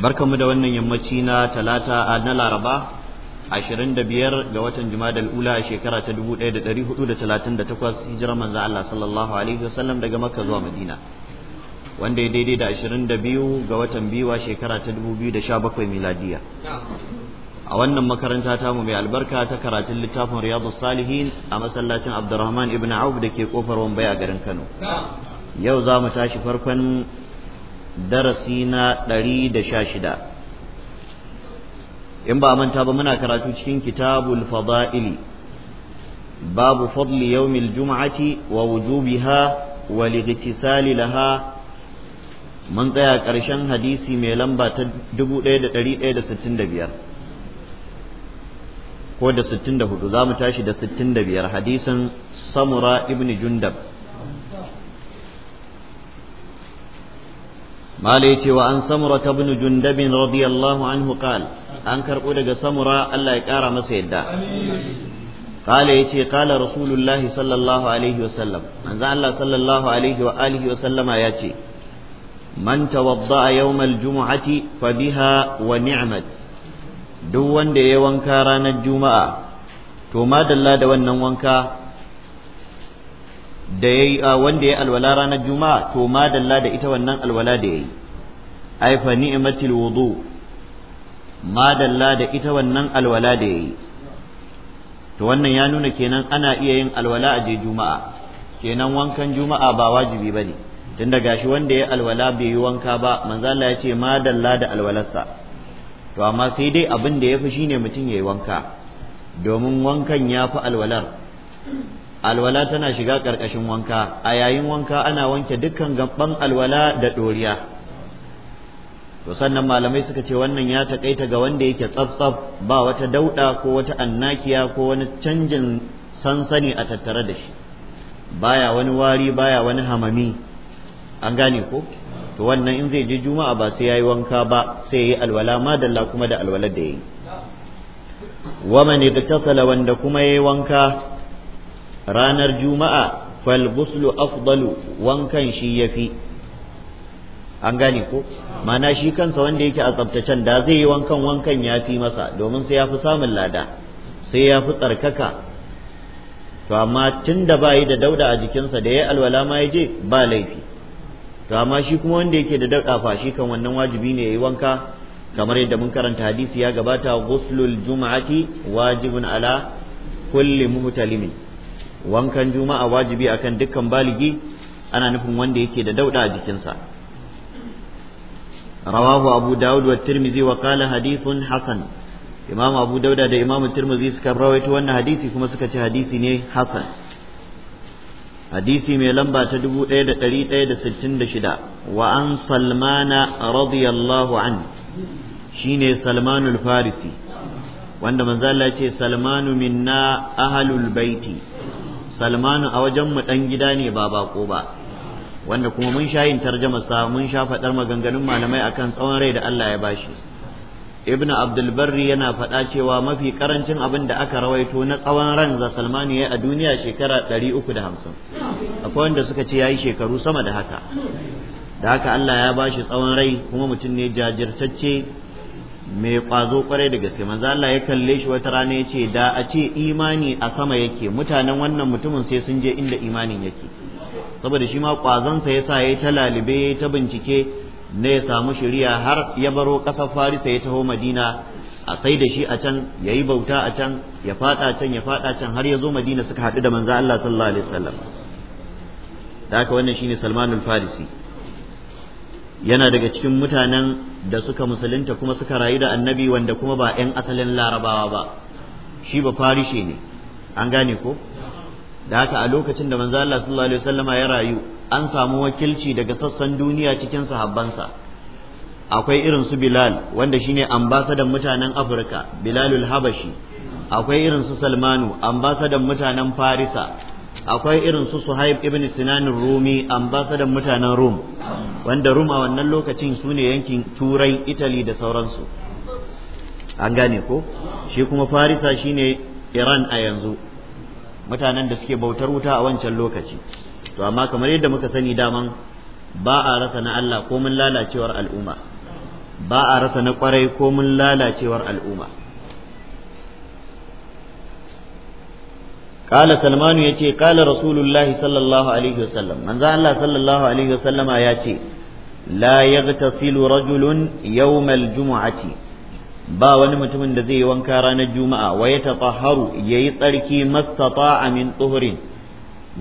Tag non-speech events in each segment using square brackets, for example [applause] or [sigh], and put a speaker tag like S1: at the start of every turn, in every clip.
S1: barkanmu da wannan yammaci na talata na laraba 25 ga watan jumadal ula a shekara ta 1438 hijirar manzo Allah sallallahu alaihi wasallam daga makka zuwa madina wanda ya daidai da 22 ga watan biyu a shekara ta 2017 miladiya a wannan makaranta ta mu mai albarka ta karatun littafin Riyadu salihin a masallacin abdurrahman ibn auf da ke kofar wambaya garin kano yau za mu tashi farkon darasi na ɗari da sha shida in ba manta ba muna karatu cikin kitabul fada'ili babu fadli yawmil jum'ati wa wujubiha wa lightisali laha mun tsaya ƙarshen hadisi mai lamba ta 1165 ko da 64 za mu tashi da 65 hadisin samura ibn jundab ما ليتي وأن سمرة بن جندب رضي الله عنه قال أنكر أولك سمرة ألا يكار مسيدا قال يتي قال رسول الله صلى الله عليه وسلم أنزع الله صلى الله عليه وآله وسلم ياتي من توضأ يوم الجمعة فبها ونعمت دو وند يوانكا رانا الجمعة to madalla da wannan wanka da yayi ah, wanda ya alwala ranar juma'a to madalla da ita wannan alwala da yayi ai fa ni'matil wudu madalla da ita wannan alwala da yayi to wannan ya nuna kenan ana iya yin alwala a je juma'a kenan wankan juma'a ba wajibi bane tun da gashi wanda ya alwala bai yi wanka ba manzo Allah ya ce madalla da alwalarsa to amma sai dai abin da yafi shine mutum ya yi wanka domin wankan ya fi alwalar alwala tana shiga ƙarƙashin wanka a yayin wanka ana wanke dukkan gaban alwala da ɗoriya to sannan malamai suka ce wannan ya taƙaita ga wanda yake tsaf-tsaf ba wata dauɗa ko wata annakiya ko wani canjin sansani a tattare da shi baya wani wari baya wani hamami an gane ko to wannan in zai je juma'a ba sai yayi wanka ba sai yayi alwala madalla kuma da alwala da yayi wa man wanda kuma yayi wanka ranar juma'a falguslu afdalu wankan shi yafi an gane ko mana shi kansa wanda yake a tsaftacen da zai yi wankan wankan ya fi masa domin sai ya fi samun lada sai ya fi tsarkaka to amma tun da ba yi da dauda a jikinsa da ya alwala ma ya je ba laifi to amma shi kuma wanda yake da dauda fa shi kan wannan wajibi ne ya yi wanka kamar yadda mun karanta hadisi ya gabata ghuslul juma'ati wajibun ala kulli muhtalimin wankan juma'a wajibi akan dukkan baligi ana nufin wanda yake da dauɗa a jikinsa rawahu abu dawud wa tirmizi wa qala hadithun imam abu dauda da imam tirmizi suka rawaito wannan hadisi kuma suka ci hadisi ne hasan hadisi mai lamba ta ɗari 1166 wa wa'an salmana radiyallahu an shine salmanul farisi wanda manzo ce salmanu minna ahlul baiti salmanu a wajen mu dan gida ne ba bako ba wanda kuma mun sha yin tarjama sa mun sha faɗar maganganun malamai akan tsawon rai da Allah ya bashi shi. abdul barri yana faɗa cewa mafi karancin abin da aka rawaito na tsawon ran za salmanu ya a duniya shekara 350 akwai wanda suka ce yayi shekaru sama da haka da haka Allah ya bashi tsawon rai kuma mutum ne jajirtacce mai kwazo kwarai da gaske manzo Allah ya kalle shi wata rana ya ce da a ce imani a sama yake mutanen wannan mutumin sai sun je inda imanin yake saboda shi ma kwazonsa sa ya ta lalibe ta bincike ne ya samu shari'a har ya baro kasar Farisa ya taho Madina a sai da shi a can ya yi bauta a can ya fada can ya fada can har ya zo Madina suka haɗu da manzo Allah sallallahu alaihi wasallam da haka wannan shine Salmanul Farisi yana daga cikin mutanen da suka musulunta kuma suka rayu da annabi wanda kuma ba 'yan asalin larabawa ba shi ba farishe ne an gane ko da haka a lokacin da manzo Allah sallallahu alaihi wasallama ya rayu an samu wakilci daga sassan duniya cikin sahabbansa akwai irin su Bilal wanda shine ambasadan mutanen Afirka Bilalul Habashi akwai irin su Salmanu ambasadan mutanen Farisa akwai irin su Suhaib ibn Sinan Rumi ambasadan mutanen Rum wanda Rum a wannan lokacin sune yankin Turai Italy da sauransu an gane ko shi kuma Farisa shine Iran a yanzu mutanen da suke bautar wuta a wancan lokaci to amma kamar yadda muka sani daman ba a rasa na Allah ko mun lalacewar al'umma ba a rasa na kwarai ko mun lalacewar al'umma qala salmanu yace qala rasulullahi sallallahu alaihi wasallam manzo Allah sallallahu alaihi wasallama yace la yaghtasilu rajulun yawmal jumu'ati ba wani mutumin da zai yi wanka ranar juma'a wai ya tatahharu yayi tsarki mastafa amin tuhurin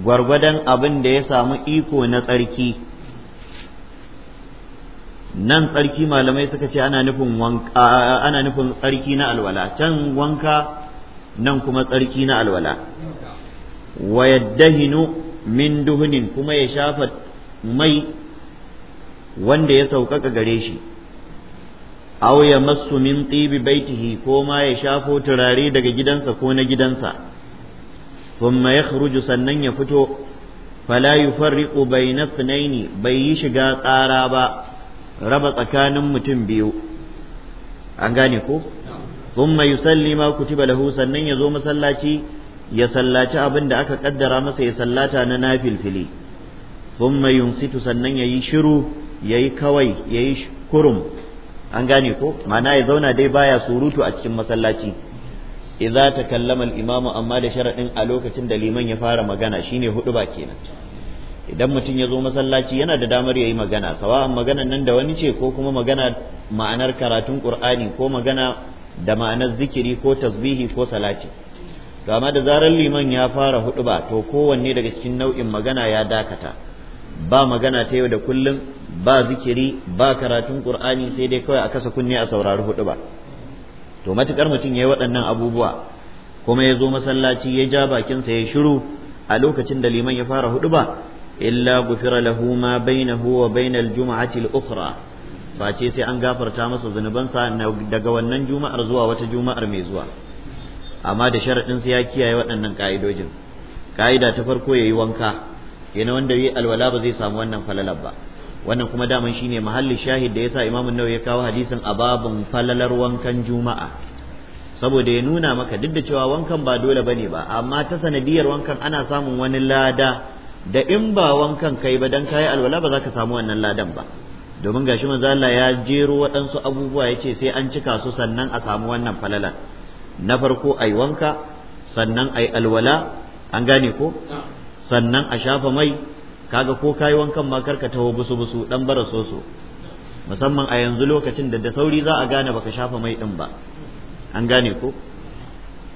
S1: gwargwadon abin da ya samu iko na tsarki nan tsarki malamai suka ce ana nufin ana nufin tsarki na alwala can wanka nan kuma tsarki na alwala wa yaddahinu min duhunin kuma ya shafa mai wanda ya sauƙaƙa gare shi aw ya massu min tibi baitihi ko ma ya shafo turare daga gidansa ko na gidansa thumma yakhruju sannan ya fito fala yufarriqu bayna thnaini bai yi shiga tsara ba raba tsakanin mutum biyu an gane ko thumma yusallima kutiba lahu sannan ya zo masallaci ya sallaci abin da aka kaddara masa ya sallata na nafilfili thumma yunsitu sannan yayi shiru yayi kawai yayi kurum an gane ko ma'ana ya zauna dai baya surutu a cikin masallaci idza takallama al imamu amma da sharaɗin a lokacin da liman ya fara magana shine hudu ba kenan idan mutum ya zo masallaci yana da damar ya yi magana sawa'an maganan nan da wani ce ko kuma magana ma'anar karatun qur'ani ko magana da ma'anar zikiri ko tasbihi ko salati to amma da zarar liman ya fara huɗuba to kowanne daga cikin nau'in magana ya dakata ba magana ta yau da kullum ba zikiri ba karatun qur'ani sai dai kawai a kasa kunne a saurari ba to matukar mutum ya yi waɗannan abubuwa kuma ya zo masallaci ya ja bakinsa ya shiru a lokacin da liman ya fara huɗuba illa gufira lahu ma bainahu wa bainal jumu'ati al-ukhra face sai an gafarta masa zunubansa daga wannan juma'ar zuwa wata juma'ar mai zuwa amma da sharaɗin sai ya kiyaye waɗannan ƙa'idojin ƙa'ida ta farko ya yi wanka kenan wanda yi alwala ba zai samu wannan falalar ba wannan kuma daman shine mahalli shahid da yasa imamu nawawi ya kawo hadisin ababun falalar wankan juma'a saboda ya nuna maka duk da cewa wankan ba dole bane ba amma ta sanadiyar wankan ana samun wani lada da in ba wankan kai ba dan kayi alwala ba za ka samu wannan ladan ba domin gashi manzo Allah ya jero waɗansu abubuwa ya ce sai an cika su sannan a samu wannan falalan na farko ai wanka sannan ai alwala an gane ko sannan a shafa mai kaga ko kayi wankan ma karka taho busu busu dan bara soso musamman a yanzu lokacin da da sauri za a gane baka shafa mai din ba an gane ko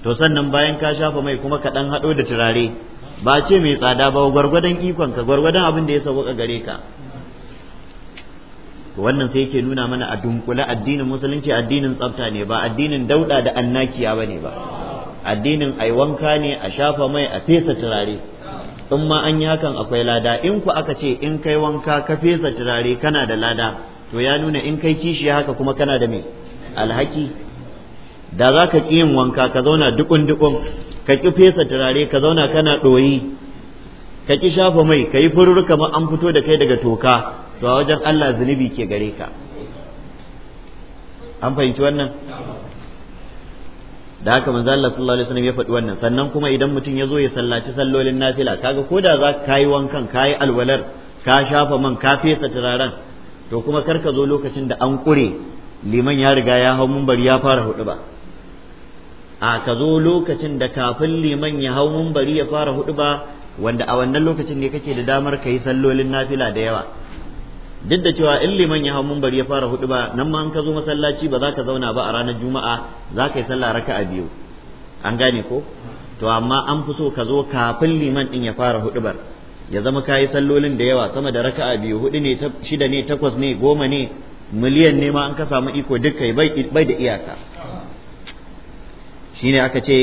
S1: to sannan bayan ka shafa mai kuma ka dan hado da turare ba ce mai tsada ba gwargwadon ikonka, ka abin da ya sauka gare ka to wannan sai yake nuna mana a dunkule addinin musulunci addinin tsafta ne ba addinin dauda da annakiya bane ba addinin ai wanka ne a shafa mai a fesa turare in ma an yi hakan akwai lada in ku aka ce in kai wanka ka fesa turare kana da lada to ya nuna in kai kishi haka kuma kana da me alhaki da za ka ƙi yin wanka ka zauna dukun dukun ka ƙi fesa turare ka zauna kana ɗoyi ka ƙi shafa mai ka yi fururuka ma an fito da kai daga toka to a wajen Allah zunubi ke gare ka an fahimci wannan
S2: da haka manzo Allah sallallahu alaihi wasallam ya faɗi wannan sannan kuma idan mutum ya zo ya sallaci sallolin nafila kaga ko da za ka yi wankan ka yi alwalar
S1: ka shafa man ka fesa turaren to kuma kar ka zo lokacin da an ƙure liman ya riga ya hau mumbar ya fara hudu ba a ka zo lokacin da kafin liman ya hau mumbari ya fara hudu ba wanda a wannan lokacin ne kake da damar ka yi sallolin nafila da yawa duk da cewa in liman ya hau bari ya fara hudu ba nan ma an ka zo masallaci ba za ka zauna ba a ranar juma'a za ka yi sallah raka'a biyu an gane ko to amma an fi so ka zo kafin liman din ya fara huɗubar ya zama ka yi sallolin da yawa sama da raka'a biyu hudu ne shida ne takwas ne goma ne miliyan ne ma an ka samu iko dukka bai da iyaka shine aka ce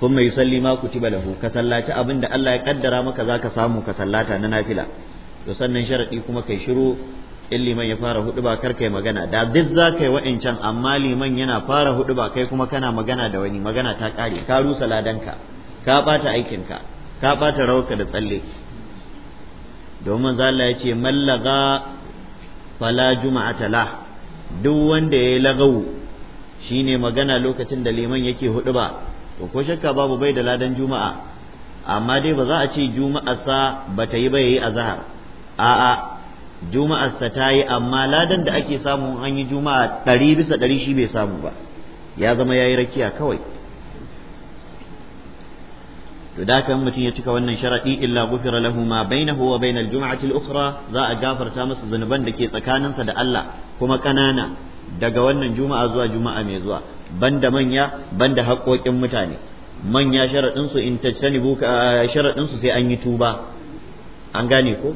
S1: kun mai yusalli ma kutiba lahu ka sallaci abin da Allah ya kaddara maka zaka samu ka sallata na nafila to sannan sharadi kuma kai shiru in liman ya fara hudu ba kar kai magana da duk za kai wa'incan amma liman yana fara hudu ba kai kuma kana magana da wani magana ta kare ka rusa ladanka ka bata aikinka ka bata rawarka da tsalle domin zalla ya ce mallaga fala juma'a tala duk wanda ya yi lagau shine magana lokacin da liman yake hudu ba to ko shakka babu bai da ladan juma'a amma dai ba za a ce juma'a sa bata yi ba yayi azhar a'a juma'ar sa ta yi amma ladan da ake samu an yi juma'a ɗari bisa ɗari shi bai samu ba ya zama ya yi rakiya kawai to da kan mutum ya cika wannan sharadi illa gufira lahu ma bainahu wa bainal jum'ati al-ukhra za a gafarta masa zunuban da ke tsakaninsa da Allah kuma kanana daga wannan juma'a zuwa juma'a mai zuwa banda manya banda haƙoƙin mutane manya sharadin su in tajtanibu sharadin su sai an yi tuba an gane ko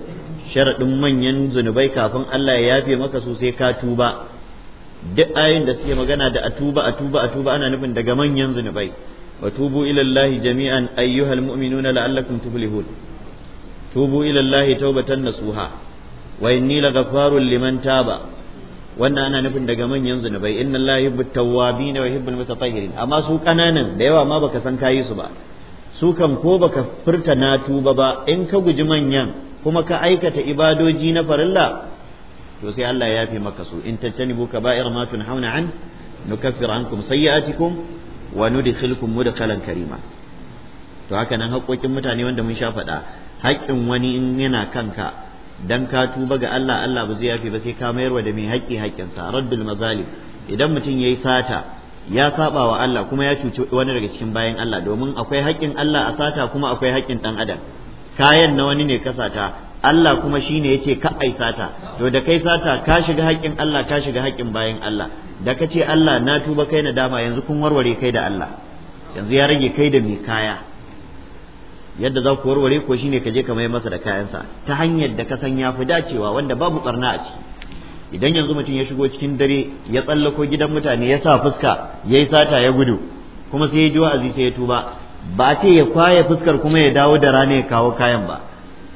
S1: sharaɗin manyan zunubai kafin Allah ya yafe maka su sai ka tuba duk ayin da suke magana da atuba atuba atuba ana nufin daga manyan zunubai wa tubu ila Allah jami'an ayyuhal mu'minuna la'allakum tuflihun tubu ila Allah tawbatan nasuha wa inni laghaffarun liman taba wannan ana nufin daga manyan zunubai inna Allah yuhibbut tawwabin wa yuhibbul mutatahhirin amma su kananan da yawa ma baka san kayi su ba su kan ko baka furta na tuba ba in ka guji manyan kuma ka aikata ibadoji na farilla to sai Allah ya fi maka su in tattanibu kaba'ir ma tunhauna an nukaffir ankum sayyi'atikum wa nudkhilukum mudkhalan karima to haka nan haƙoƙin mutane wanda mun sha faɗa haƙƙin wani in yana kanka dan ka tuba ga Allah Allah ba zai yafe ba sai ka wa da mai haƙƙi haƙƙinsa raddul mazalim idan mutum yayi sata ya saba wa Allah kuma ya cuci wani daga cikin bayan Allah domin akwai haƙƙin Allah a sata kuma akwai haƙƙin ɗan adam kayan na wani ne ka sata Allah kuma shi shine yace ka ai sata to da kai sata ka shiga haƙƙin Allah ka shiga haƙƙin bayan Allah da ka ce Allah na tuba kai na dama yanzu kun warware kai da Allah yanzu ya rage kai da mai kaya yadda za ku warware ko shi ne ka je ka mai masa da kayansa ta hanyar da ka san ya fi dacewa wanda babu barna a ciki idan yanzu mutum ya shigo cikin dare ya tsallako gidan mutane ya sa fuska ya yi sata ya gudu kuma sai ya ji wa'azi sai ya tuba ba ce ya kwaye fuskar kuma ya dawo da rana ya kawo kayan ba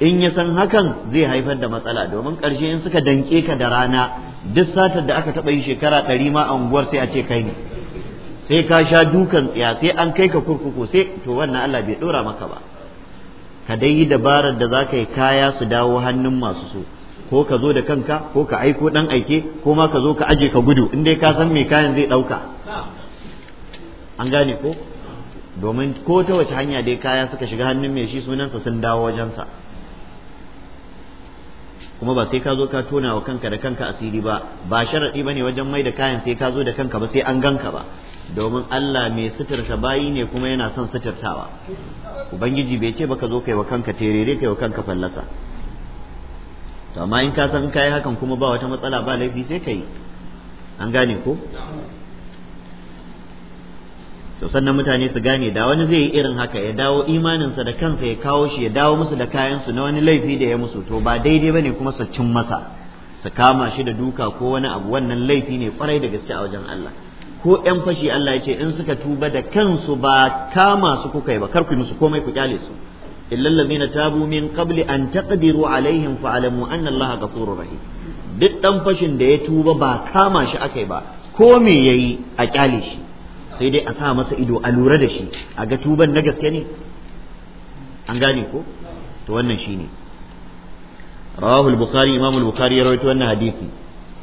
S1: in ya san hakan zai haifar da matsala domin karshe in suka danke ka da rana duk satar da aka taɓa yi shekara ɗari ma a unguwar sai a ce kai ne sai ka sha dukan tsiya sai an kai ka kurkuku sai to wannan Allah bai ɗora maka ba ka dai yi dabarar da za ka yi kaya su dawo hannun masu so ko ka zo da kanka ko ka aiko ɗan aike ko ma ka zo ka aje ka gudu in dai ka san me kayan zai ɗauka an gane ko domin ko ta wace hanya dai kaya suka shiga hannun mai shi sunansa sun dawo wajensa kuma ba sai ka zo ka tona wa kanka da kanka asiri ba ba sharaɗi ba ne wajen mai da kayan sai ka zo da kanka ba sai an ganka ba domin Allah mai suturta bayi ne kuma yana son suturtawa ubangiji bai ce ba ka zo kai wa kanka terere kai wa kanka fallasa to amma in ka san kai hakan kuma ba wata matsala ba laifi sai kai an gane ko to sannan mutane su gane da wani zai yi irin haka ya dawo imaninsa da kansa ya kawo shi ya dawo musu da kayansu na wani laifi da ya musu to ba daidai bane kuma su cin masa su kama shi da duka ko wani abu wannan laifi ne kwarai da gaske a wajen Allah ko ƴan fashi Allah ya ce in suka tuba da kansu ba kama su kuka yi ba kar ku musu komai ku kyale su illal ladzina tabu min qabli an taqdiru alaihim alamu anna Allah ghafurur rahim duk ɗan fashin da ya tuba ba kama shi akai ba ko me yayi a kyale shi sai dai a sa masa ido a lura da shi a ga tuban na gaske ne an gane ko to wannan ne rawahu al-bukhari imam al-bukhari ya rawaito wannan hadisi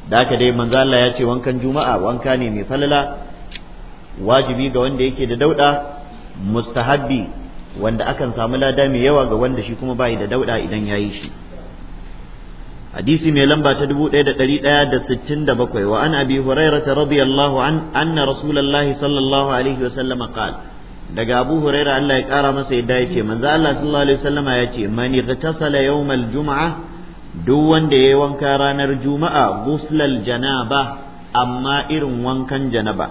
S1: da haka dai manzo Allah ya ce wankan juma'a wanka ne mai falala wajibi ga wanda yake da dauda mustahabbi wanda akan samu lada mai yawa ga wanda shi kuma bai da dauda idan yayi shi hadisi mai lamba ta 1167 da an abi hurairah radiyallahu an anna rasulullahi sallallahu alaihi wasallam qala daga abu huraira Allah ya kara masa yadda ya ce manzo Allah sallallahu alaihi wasallama ya ce man igtasala yawmal jumu'a duk wanda yayi wanka ranar juma'a guslal janaba amma irin wankan janaba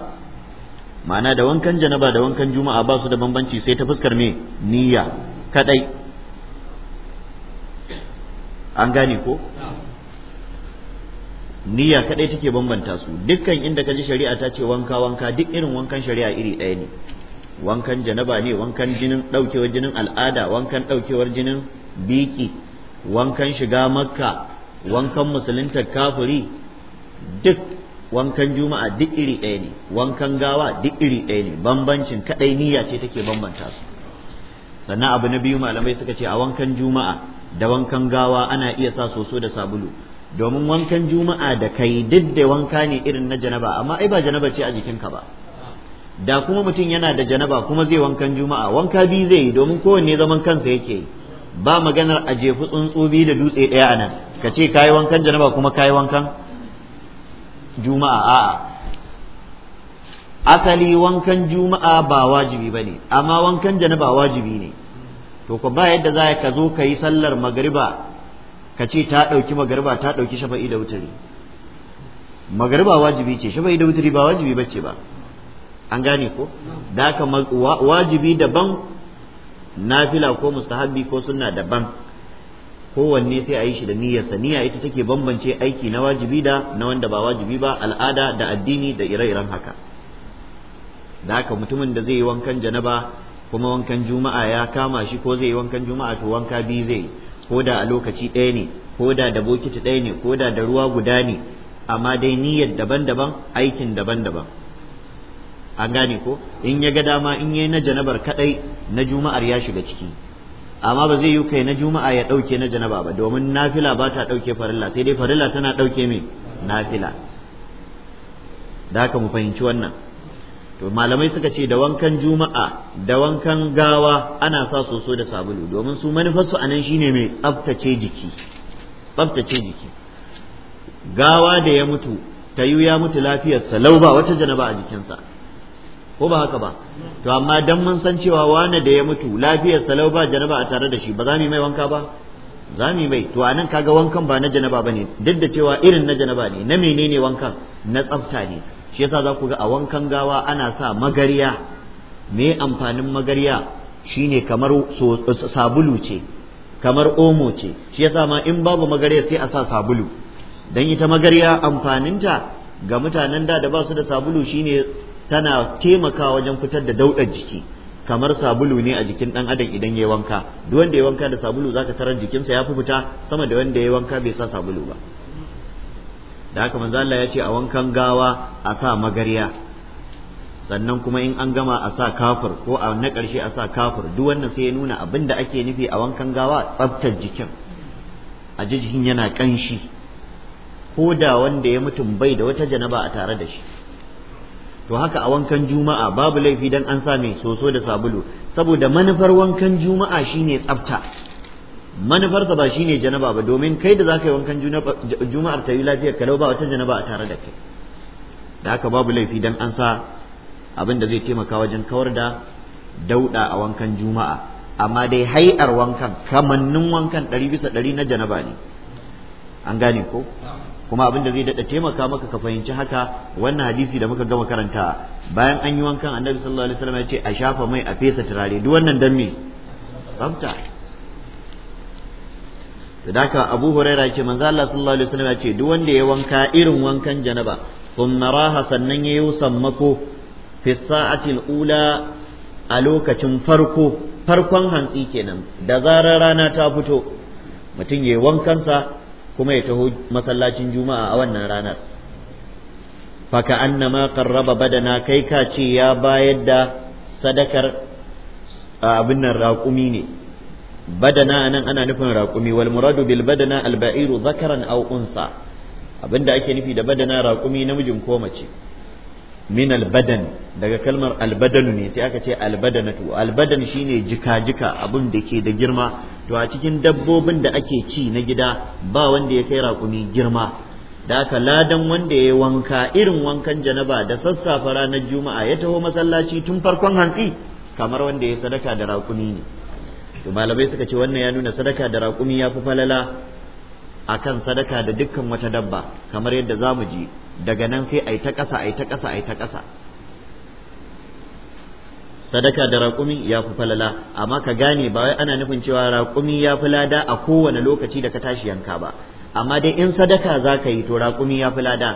S1: ma'ana da wankan janaba da wankan juma'a ba su da bambanci sai ta fuskar me niyya kadai an gane ko niyya kadai take bambanta su dukkan inda ka ji shari'a ta ce wanka wanka duk irin wankan shari'a iri ɗaya ne wankan janaba ne wankan jinin ɗaukewar jinin al'ada wankan ɗaukewar jinin biki wankan shiga makka wankan musulunta kafiri duk wankan juma'a duk iri ɗaya ne wankan gawa duk iri ɗaya ne bambancin kadai niyya ce take bambanta su sannan abu na biyu malamai suka ce a wankan juma'a da wankan gawa ana iya sa soso da sabulu domin wankan juma'a da kai duk da wanka ne irin na janaba amma ai ba janaba ce a jikinka ba da kuma mutum yana da janaba kuma zai wankan juma'a wanka biyu zai yi domin kowanne zaman kansa yake ba maganar a jefi tsuntsu biyu da dutse ɗaya a nan ka ce yi wankan janaba kuma yi wankan juma'a a'a asali wankan juma'a ba wajibi ba ne amma wankan janaba wajibi ne to ko ba yadda za ka zo ka yi sallar magariba ka ce ta ɗauki magariba ta ɗauki shafa'i da wutari. magariba wajibi ce shafa'i da wutari ba wajibi bace ba an gane ko da ka wajibi daban nafila ko mustahabbi ko sunna daban kowanne sai a yi shi da niyyarsa niyya ita take bambance aiki na wajibi da na wanda ba wajibi ba al'ada da addini da ire-iren haka da haka mutumin da zai yi wankan janaba kuma wankan juma'a ya kama shi ko zai yi wankan juma'a to wanka biyu zai ko da a lokaci ɗaya ne ko da da bokiti ɗaya ne ko da da ruwa guda ne amma dai niyyar daban-daban aikin daban-daban an gane ko in ya ga dama in yi na janabar kadai na juma'ar ya shiga ciki amma ba zai yi kai na juma'a ya ɗauke na janaba ba domin nafila ba ta ɗauke farilla sai dai farilla tana ɗauke mai nafila da haka mu fahimci wannan to malamai suka ce da wankan juma'a da wankan gawa ana sa soso da sabulu domin su manufarsu a nan shine mai tsaftace jiki tsabtace jiki gawa da ya mutu yi ya mutu lafiyar lau ba wata janaba a jikinsa ko ba haka ba to amma dan mun san cewa wane da ya mutu lafiyar lau ba janaba a tare da shi ba za mu mai wanka ba za mu mai to anan kaga wankan ba na janaba bane duk da cewa irin na janaba ne na menene wankan na tsafta ne shi yasa za ku ga a wankan gawa ana sa magarya me amfanin magarya shine kamar sabulu ce kamar omo ce shi yasa ma in babu magarya sai a sa sabulu dan ita magarya amfaninta ga mutanen da da ba su da sabulu shine tana taimakawa wajen fitar da daudar jiki kamar sabulu ne a jikin ɗan adam idan yayi wanka duk wanda yayi wanka da sabulu zaka tarar jikinsa ya fi fita sama da wanda yayi wanka bai sa sabulu ba da haka manzo Allah ya ce a wankan gawa a sa magarya sannan kuma in an gama a sa kafir ko a na ƙarshe a sa kafir duk wannan sai ya nuna abin da ake nufi a wankan gawa tsaftar jikin a jikin yana ƙanshi ko da wanda ya mutum bai da wata janaba a tare da shi to haka a wankan juma'a babu laifi dan an sa mai soso da sabulu saboda manufar wankan juma'a shine tsafta manufarsa ba shine janaba ba domin kai da zaka yi wankan juma'ar ta yi lafiyar kalau ba wata janaba a tare da kai da haka babu laifi dan an sa abin da zai taimaka wajen kawar da dauda a wankan juma'a amma dai hai'ar wankan kamannin wankan ɗari bisa ɗari na janaba ne an gane ko kuma abin da zai daɗa taimaka maka ka fahimci haka wannan hadisi da muka gama karanta bayan an yi wankan annabi sallallahu alaihi wasallam ya ce a shafa mai a fesa turare duk wannan dan me tsafta to daka Abu Huraira ce manzo Allah sallallahu alaihi wasallam ya ce duk wanda ya wanka irin wankan janaba thumma raha sannan yayi sammako fi sa'atil ula a lokacin farko farkon hantsi kenan da zarar rana ta fito mutum yayi sa kuma ya taho masallacin juma'a a wannan ranar faka annama qarraba badana kai ka ce ya bayar da sadakar abin nan raƙumi ne badana anan ana nufin raƙumi wal muradu bil badana al ba'iru zakaran aw unsa abinda ake nufi da badana raƙumi namijin ko mace min al badan daga kalmar al badanu ne sai aka ce al badanatu al badan shine jika jika abun da ke da girma to a cikin dabbobin da ake ci na gida ba wanda ya kai raƙumi girma da aka ladan wanda ya wanka irin wankan janaba da sassafe ranar juma'a ya taho masallaci tun farkon hantsi kamar wanda ya sadaka da raƙumi ne to malamai suka ce wannan ya nuna sadaka da raƙumi ya fi falala akan sadaka da dukkan wata dabba kamar yadda za mu ji daga nan sai a yi ta ƙasa a yi ta ƙasa a yi ta ƙasa sadaka da raƙumi ya fi falala amma ka gane ba wai ana nufin cewa raƙumi ya fi lada a kowane lokaci da ka tashi yanka ba amma dai in sadaka za ka yi to raƙumi ya fi lada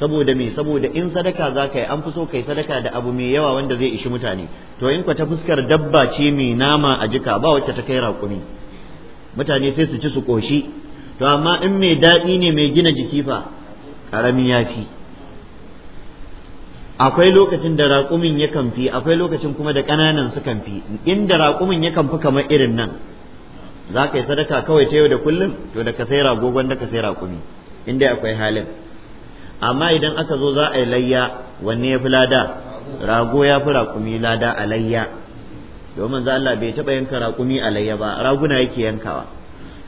S1: saboda me saboda in sadaka za ka yi an fi so kai sadaka da abu mai yawa wanda zai ishi mutane to in kwa ta fuskar dabba ce mai nama a jika ba wacce ta kai raƙumi mutane sai su ci su ƙoshi to amma in mai daɗi ne mai gina jiki fa ƙarami ya fi akwai lokacin da raƙumin ya kamfi akwai lokacin kuma da ƙananan su kamfi inda raƙumin ya kamfi kamar irin nan za ka yi sadaka kawai ta yau da kullum to da ka sai ragogon da ka sai raƙumi inda akwai halin amma idan aka zo za a yi layya wanne ya fi lada rago ya fi raƙumi lada a layya domin za Allah bai taɓa yanka raƙumi a layya ba raguna yake yankawa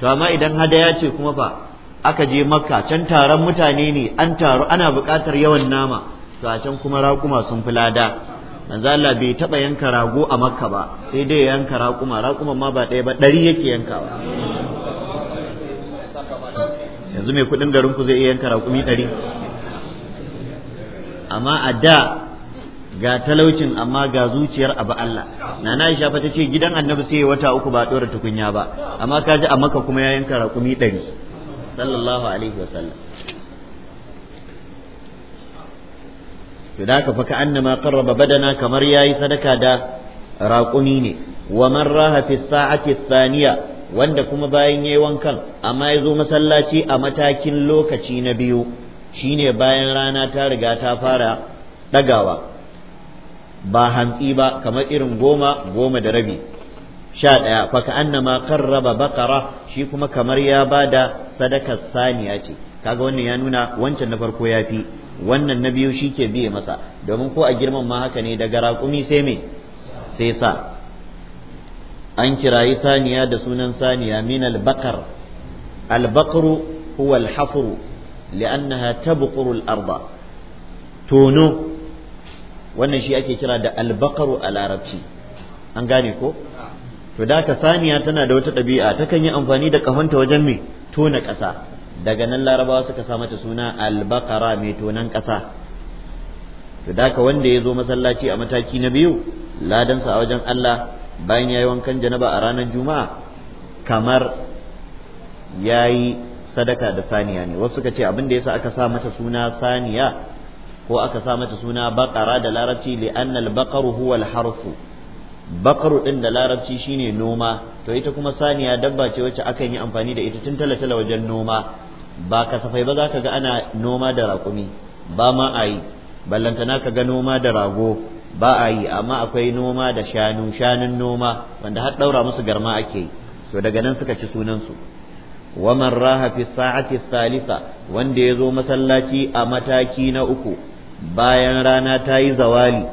S1: to amma idan hadaya ce kuma fa aka je makka can taron mutane ne an taru ana buƙatar yawan nama to a can kuma raƙuma sun fi lada manzo Allah bai taɓa yanka rago a makka ba sai dai yanka raƙuma raƙuma ma ba ɗaya ba ɗari yake yankawa yanzu mai kuɗin garinku zai iya yanka raƙumi ɗari amma a da ga talaucin amma ga zuciyar abu Allah na na Aisha fa ce gidan Annabi sai wata uku ba ɗora tukunya ba amma kaji a maka kuma ya yanka raƙumi ɗari sallallahu alaihi wasallam to da haka fa ka annama qarraba badana kamar yayi sadaka da raƙumi ne wa man raha fi sa'ati wanda kuma bayan yayi wankan amma ya zo masallaci a matakin lokaci na biyu shine bayan rana ta riga ta fara ɗagawa ba hantsi ba kamar irin goma goma da rabi sha ɗaya faka annama karraba bakara shi kuma kamar ya bada sadakar saniya ce kaga wannan ya nuna wancan na farko ya fi wannan na biyu shi ke biye masa domin ko a girman ma haka ne daga raƙumi sai me sai sa an kirayi saniya da sunan saniya min albakar albakaru huwa alhafuru لأنها تبقر الأرض تونو wannan shi ake kira da albakaru a larabci an gane ko to da ka saniya tana da wata ɗabi'a takan yi amfani da ƙahonta wajen mai tona ƙasa daga nan larabawa suka sa mata suna albakara mai tonan ƙasa to da ka wanda ya zo masallaci a mataki na biyu ladansa a wajen Allah bayan ya yi wankan janaba a ranar juma'a kamar ya yi sadaka da saniya ne wasu suka ce abin da yasa aka sa mata suna saniya ko aka sa mata suna baqara da larabci li anna al baqaru huwa al harfu baqaru din da larabci shine noma to ita kuma saniya dabba ce wacce akan yi amfani da ita tun talatala wajen noma ba kasafai ba zaka ga ana noma da raƙumi ba ma a yi ballantana ka ga noma da rago ba a yi amma akwai noma da shanu shanun noma wanda har ɗaura musu garma ake yi to daga nan suka ci sunansu waman raha fi sa'ati salisa wanda ya zo masallaci a mataki na uku bayan rana ta yi zawali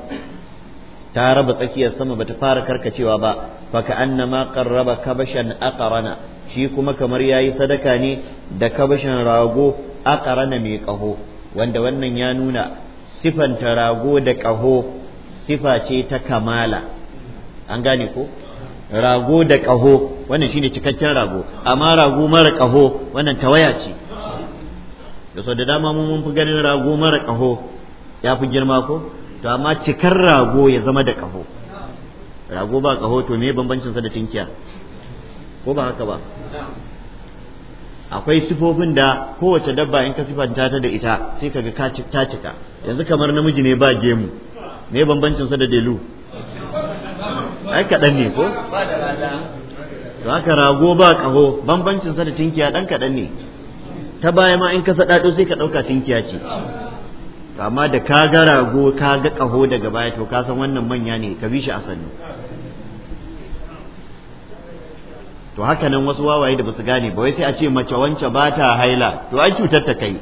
S1: ta raba tsakiyar sama bata fara karkacewa ba fa ka annama qarraba kabashan aqrana shi kuma kamar yayi sadaka ne da kabashan rago aqrana mai kaho wanda wannan ya nuna sifanta rago da kaho sifa ce ta kamala an gane ko rago da ƙaho wannan shine cikakken rago amma rago mara ƙaho wannan tawaya ce da sau da dama mun fi ganin rago mara ƙaho ya fi girma ko to amma cikar rago ya zama da ƙaho rago ba ƙaho to me sa da tinkiya ko ba haka ba akwai sifofin da kowace dabba in ka sifanta ta da ita sai kaga ka cika yanzu kamar namiji ne ba gemu me bambancin sa da delu
S2: ai kaɗan ne ko
S1: rago ba kaho bambancin da tinkiya ɗan kaɗan ne ta baya ma in ka saɗaɗo sai ka ɗauka tinkiya ce amma da ka ga rago ka ga ƙaho daga baya to ka san wannan manya ne ka bi shi a sannu to haka nan wasu wawaye da ba su gane ba wai sai a ce mace wance ba ta haila to ai cutar ta kai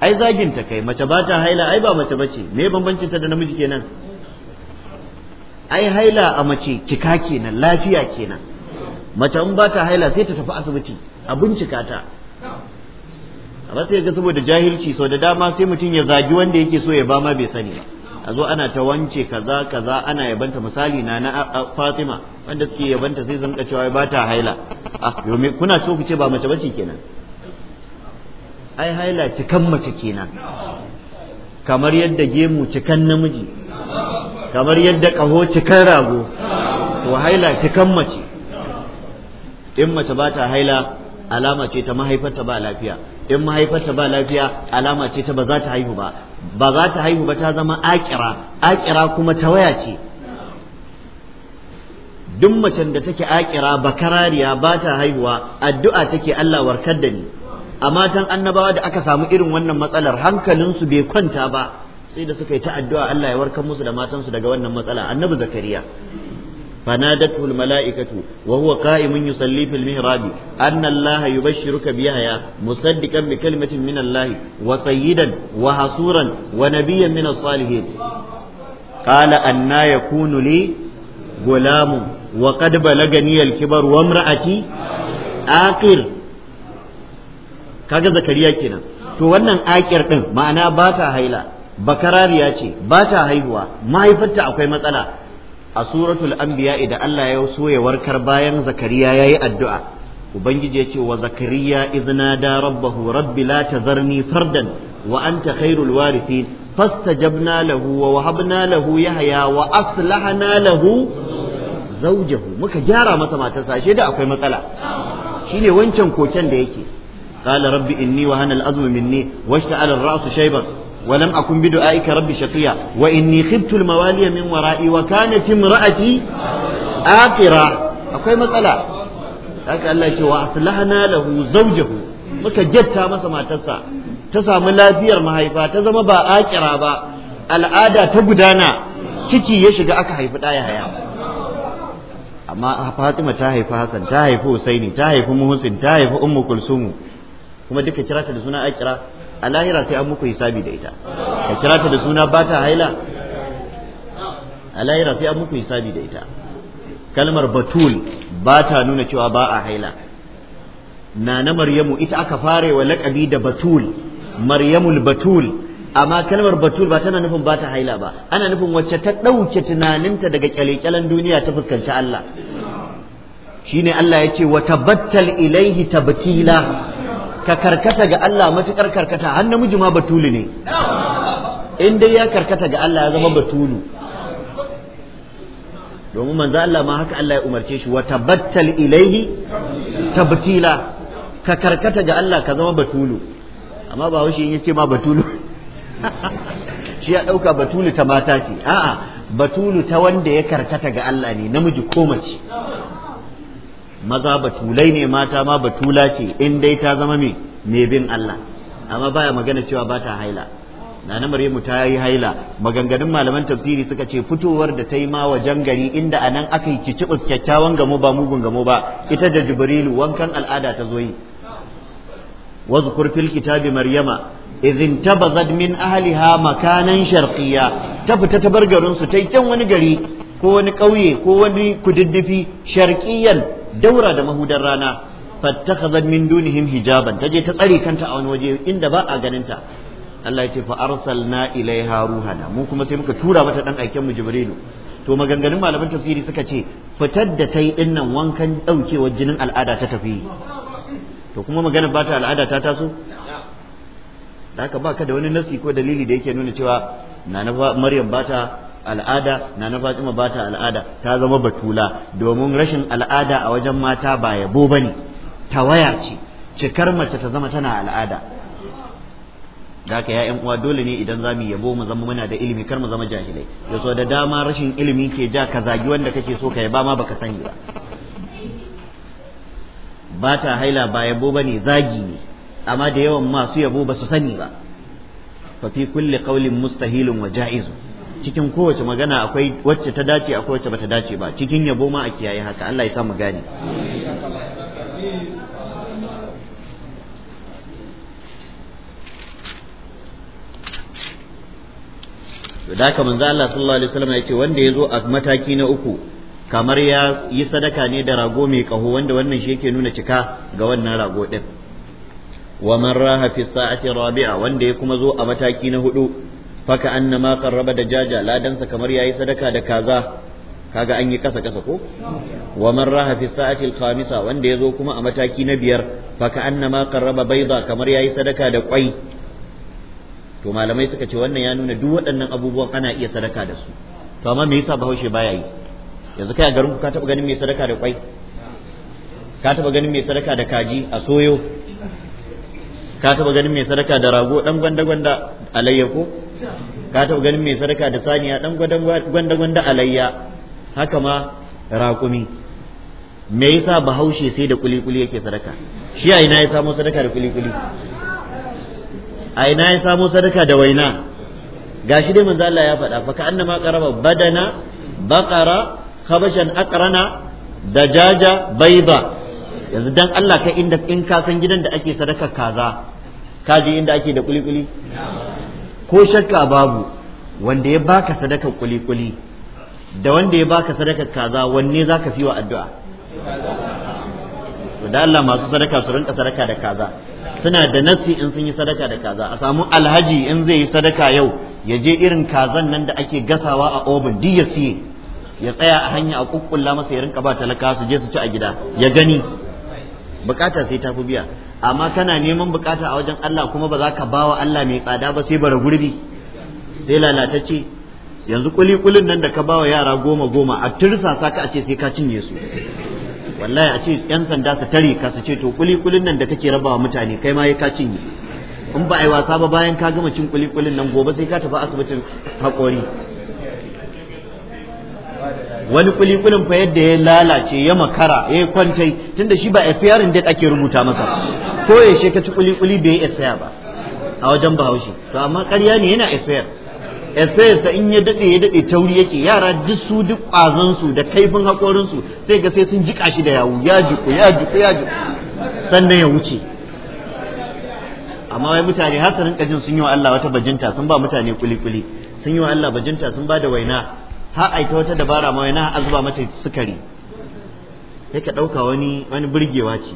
S1: ai zagin ta kai mace ba ta haila ai ba mace ba ce, me bambancin ta da namiji kenan ai haila a mace cika kenan lafiya kenan mace in ba ta haila sai ta tafi asibiti a bincika ta amma sai ga saboda jahilci sau da dama sai mutum ya zagi wanda yake so ya ba ma bai sani ba a zo ana ta wance kaza kaza ana yabanta misali na na Fatima wanda suke yabanta sai zan cewa ba ta haila ah yomi kuna so ku ce ba mace bace kenan ai haila cikan mace kenan kamar yadda gemu cikan namiji kamar yadda ƙaho cikan rago to haila cikan mace in mace ba ta haila alama ce ta mahaifarta ba lafiya in mahaifarta ba lafiya alama ce ta ba za ta haihu ba ba za ta haihu ba ta zama akira akira kuma ta waya ce duk macen da take akira bakarariya ba ta haihuwa addu'a take Allah warkar da ni a matan annabawa da aka samu irin wannan matsalar hankalinsu bai kwanta ba sai da suka yi ta addu'a Allah ya warkar musu da matansu daga wannan matsala annabi zakariya fanadatu almalaikatu wa huwa qa'imun yusalli fil mihrab anna Allah yubashshiruka bi yahya musaddiqan bi kalimatin min Allah wa sayyidan wa hasuran wa nabiyyan min as-salihin qala anna yakunu li gulamu wa qad balagani al-kibar wa imra'ati akir kaga zakariya kenan to wannan akir ɗin ma'ana ba ta haila bakarariya ce ba ta haihuwa mahaifarta akwai matsala a suratul anbiya idan Allah ya so ya warkar bayan zakariya ya yi addu'a ubangiji ya ce wa zakariya izna da rabbahu rabbi la tazarni fardan wa anta khairul warithin fastajabna lahu wa wahabna lahu yahya wa aslahna lahu zawjahu muka gyara masa matarsa shi da akwai matsala shine wancan koken da yake wa رب إني وهن الأزم مني واشتعل rasu شيبا ولم أكن بدعائك رب شقيا وإني خبت الموالي من ورائي وكانت امرأتي آكرا أقول مسألة لك الله وأصلحنا له زوجه muka jatta masa matarsa ta samu lafiyar mahaifa ta zama ba akira ba al'ada ta gudana ciki ya shiga aka haifi ɗaya haya amma Fatima ta haifi Hassan ta haifi Husaini ta haifi Muhsin ta haifi Ummu Kulsumu kuma duka kira ta da suna akira a lahira sai an muku hisabi da ita ka kira ta da suna ba ta haila a lahira sai an muku hisabi da ita kalmar batul ba ta nuna cewa ba a haila na na maryamu ita aka fare wa laƙabi da batul maryamul batul amma kalmar batul ba tana nufin ba ta haila ba ana nufin wacce ta ɗauke tunaninta daga kyalekyalen duniya ta fuskanci Allah shine Allah ya ce wa tabattal ilaihi tabtila ka karkata ga Allah matuƙar karkata har namiji ma batulu ne in dai ya karkata ga Allah ya zama batulu domin manzo Allah ma haka Allah ya umarce shi wa tabattal ilaihi tabtila ka karkata ga Allah ka zama batulu amma ba in yace ma batulu [laughs] shi ya dauka batulu ta mata ce a'a batulu ta wanda ya karkata ga Allah ne namiji ko mace maza batulai ne mata ma batula ce in dai ta zama me mai bin Allah amma baya magana cewa ba ta haila na na Maryamu ta yi haila maganganun malaman tafsiri suka ce fitowar da ta yi ma wajen gari inda a nan aka yi kicibus kyakkyawan gamo ba mugun gamo ba ita da Jibrilu wankan al'ada ta zo yi maryama min واذكر ta fita ta ta garin su ta yi شرقيا wani gari ko wani ƙauye ko wani kududdufi شرقيا daura da mahudar rana fattakhadha min dunihim hijaban taje ta tsare kanta a wani waje inda ba a ganin ta Allah ya ce fa arsalna ilaiha ruhana mu kuma sai muka tura mata dan aiken mu jibrilu to maganganun malaman tafsiri suka ce fitar da tai dinnan wankan daukewar jinin al'ada ta tafi to kuma magana ba ta al'ada ta taso da haka baka da wani nasi ko dalili da yake nuna cewa na na Maryam ba ta al'ada na na Fatima ba ta al'ada ta zama batula domin rashin al'ada a wajen mata ba yabo bane tawaya ce cikar mace ta zama tana al'ada da haka uwa dole ne idan za mu yabo mu zama muna da ilimi kar mu zama jahilai da so da dama rashin ilimi ke ja ka zagi wanda kake so ka yaba ma baka sani ba ba ta haila ba yabo ba ne zagi ne amma da yawan masu yabo ba su sani ba fa fi kulli qawlin mustahilun wa ja'izun cikin kowace magana akwai wacce ta dace akwai wacce bata dace ba cikin yabo ma a kiyaye haka Allah ya sa mu gane da haka manzo Allah sallallahu alaihi wasallam ya wanda ya zo a mataki na uku kamar ya yi sadaka ne da rago mai kaho wanda wannan shi yake nuna cika ga wannan rago din wa man raha fi sa'ati rabi'a wanda ya kuma zo a mataki na hudu faka annama qarraba dajaja ladansa kamar yayi sadaka da kaza kaga an yi kasa kasa ko wa man raha fi sa'ati al-khamisa wanda yazo kuma a mataki na biyar faka annama qarraba bayda kamar yayi sadaka da kwai to malamai suka ce wannan ya nuna duk waɗannan abubuwan ana iya sadaka da su to amma me yasa bahaushe baya yi yanzu kai a garin ku ka taba ganin me sadaka da kwai ka taba ganin me sadaka da kaji a soyo ka taba ganin me sadaka da rago dan gwanda gwanda alayyako ka taɓa ganin mai sadaka da saniya dan gwanda gwanda alayya haka ma raƙumi me yasa bahaushe sai da kulikuli yake sadaka shi a ina ya samo sadaka da kulikuli a ina ya samo sadaka da waina gashi dai manzo Allah ya faɗa fa ka annama qaraba badana baqara khabashan aqrana dajaja bayda yanzu dan Allah kai inda in ka san gidan da ake sadaka kaza ka je inda ake da kulikuli ko shakka babu wanda ya baka sadaka kuli-kuli da wanda ya baka sadaka kaza wanne za ka fi wa addu'a
S2: da Allah masu sadaka su rinka
S1: sadaka da kaza suna da nassi in sun yi sadaka da kaza a samu alhaji in zai yi sadaka yau ya je irin kazan nan da ake gasawa a obin duk ya siye tsaya a hanya a kukkulla masa ya rinka ba talaka su je su ci a gida ya gani bukata sai ta fi biya amma kana neman bukata a wajen Allah kuma ba za ka ba wa Allah mai tsada ba sai bara gurbi sai ce yanzu kuli kulin nan da ka ba wa yara goma goma a tirsa ka a ce sai ka cinye su wallahi a ce yan sanda su tare ka su ce to kuli kulin nan da kake rabawa mutane kai ma ya ka cinye in ba a yi wasa ba bayan ka gama cin kuli kulin nan gobe sai ka tafi asibitin haƙori wani kulikulin fa yadda ya lalace ya makara ya kwantai tunda shi ba expiring da ake rubuta masa ko ya she ka ci kulikuli bai expire ba a wajen bahaushe to amma ƙarya ne yana expire expire sa in ya dade ya dade tauri yake yara duk su duk kwazon su da kaifin hakorin su sai ga sai sun jika shi da yawu ya jiku ya jiku ya jiku sannan ya wuce amma wai mutane hasarin kajin sun yi wa Allah wata bajinta sun ba mutane kulikuli sun yi wa Allah bajinta sun ba da waina har aita wata dabara ma yana azuba mata sukari sai ka ɗauka wani wani burgewa ce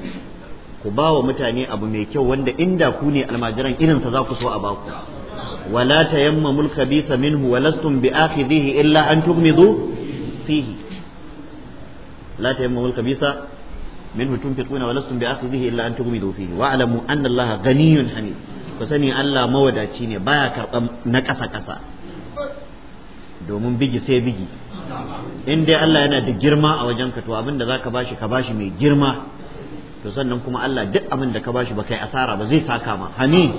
S1: ku ba wa mutane abu mai kyau wanda inda ku ne almajiran irinsa za ku so a baku wala ta tayammamul khabitha minhu walastum bi'akhidhihi illa an tughmidu fihi la tayammamul khabitha منه تنفقون ولستم بآخذه إلا أن تغمضوا فيه واعلموا أن الله غني حميد ku sani Allah mawadaci ne baya karɓar na ƙasa ƙasa domin bigi sai bigi in dai Allah yana da girma a wajen ka to abin da zaka bashi ka bashi mai girma to sannan kuma Allah duk abin da ka bashi ba kai asara ba zai saka ma hamid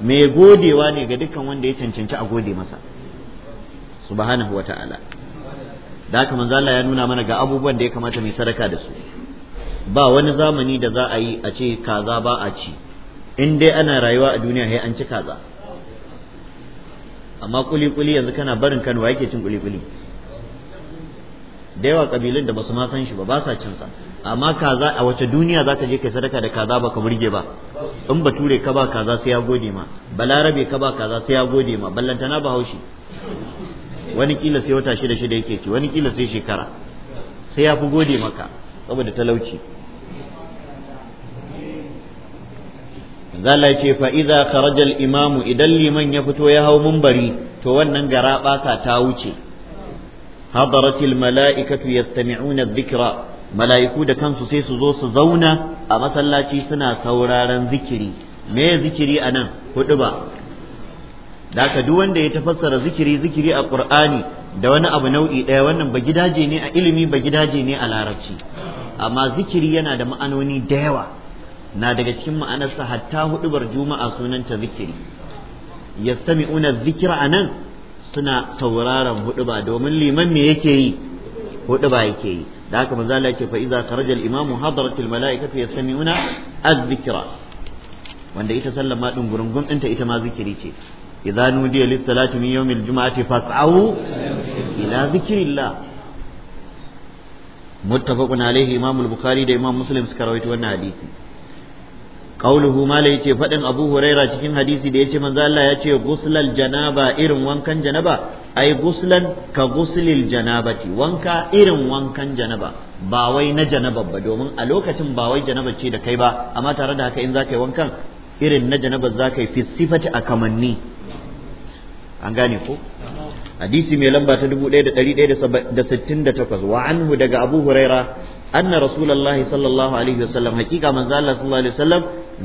S1: mai godewa ne ga dukkan wanda ya cancanci a gode masa subhanahu wata'ala da haka manzo Allah ya nuna mana ga abubuwan da ya kamata mai sadaka da su ba wani zamani da za a yi a ce kaza ba a ci in dai ana rayuwa a duniya sai an ci kaza amma kuli kuli yanzu kana barin Kano yake cin kuli kuli da yawa kabilun da basu ma san shi ba ba sa cin sa amma kaza a wace duniya zaka je kai sadaka da kaza baka burge ba in bature ka ba kaza sai ya gode ma balarabe ka ba kaza sai ya gode ma ballantana bahaushe wani kila sai wata shida shida yake ci wani kila sai shekara sai ya fi gode maka saboda talauci zala ce fa idza imamu idan liman ya fito ya hau mumbari to wannan gara basa ta wuce hadaratil mala'ikatu yastami'una zikira. mala'iku da kansu sai su zo su zauna a masallaci suna sauraron zikiri me zikiri a nan hudu ba da ka duk wanda ya tafassara zikiri zikiri a qur'ani da wani abu nau'i ɗaya wannan ba gidaje ne a ilimi ba gidaje ne a larabci amma zikiri yana da ma'anoni da yawa na daga cikin ma'anarsa hatta hudubar juma'a sunanta zikiri yastami'una zikira anan suna sauraron huduba domin liman me yake yi huduba yake yi da haka manzo Allah yake fa iza kharaja al-imam hadaratil malaikatu yastami'una az-zikra wanda ita sallar ma din gurungun ɗinta ita ma zikiri ce idza nudiya lis-salati min yawmil jum'ati fas'au ila zikrillah muttafaqun alayhi imam al-bukhari da imam muslim suka rawaito wannan hadisi qauluhu mala yace fadin abu huraira cikin hadisi da yace manzo Allah yace guslal janaba irin wankan janaba ai guslan ka guslil janabati wanka irin wankan janaba ba wai na janaba ba domin a lokacin ba wai janaba ce da kai ba amma tare da haka in zaka yi wankan irin na janaba zaka yi fi sifati a kamanni an gane ko hadisi mai lamba ta 1168 wa anhu daga abu huraira anna rasulullahi sallallahu alaihi wasallam hakika manzo Allah sallallahu alaihi wasallam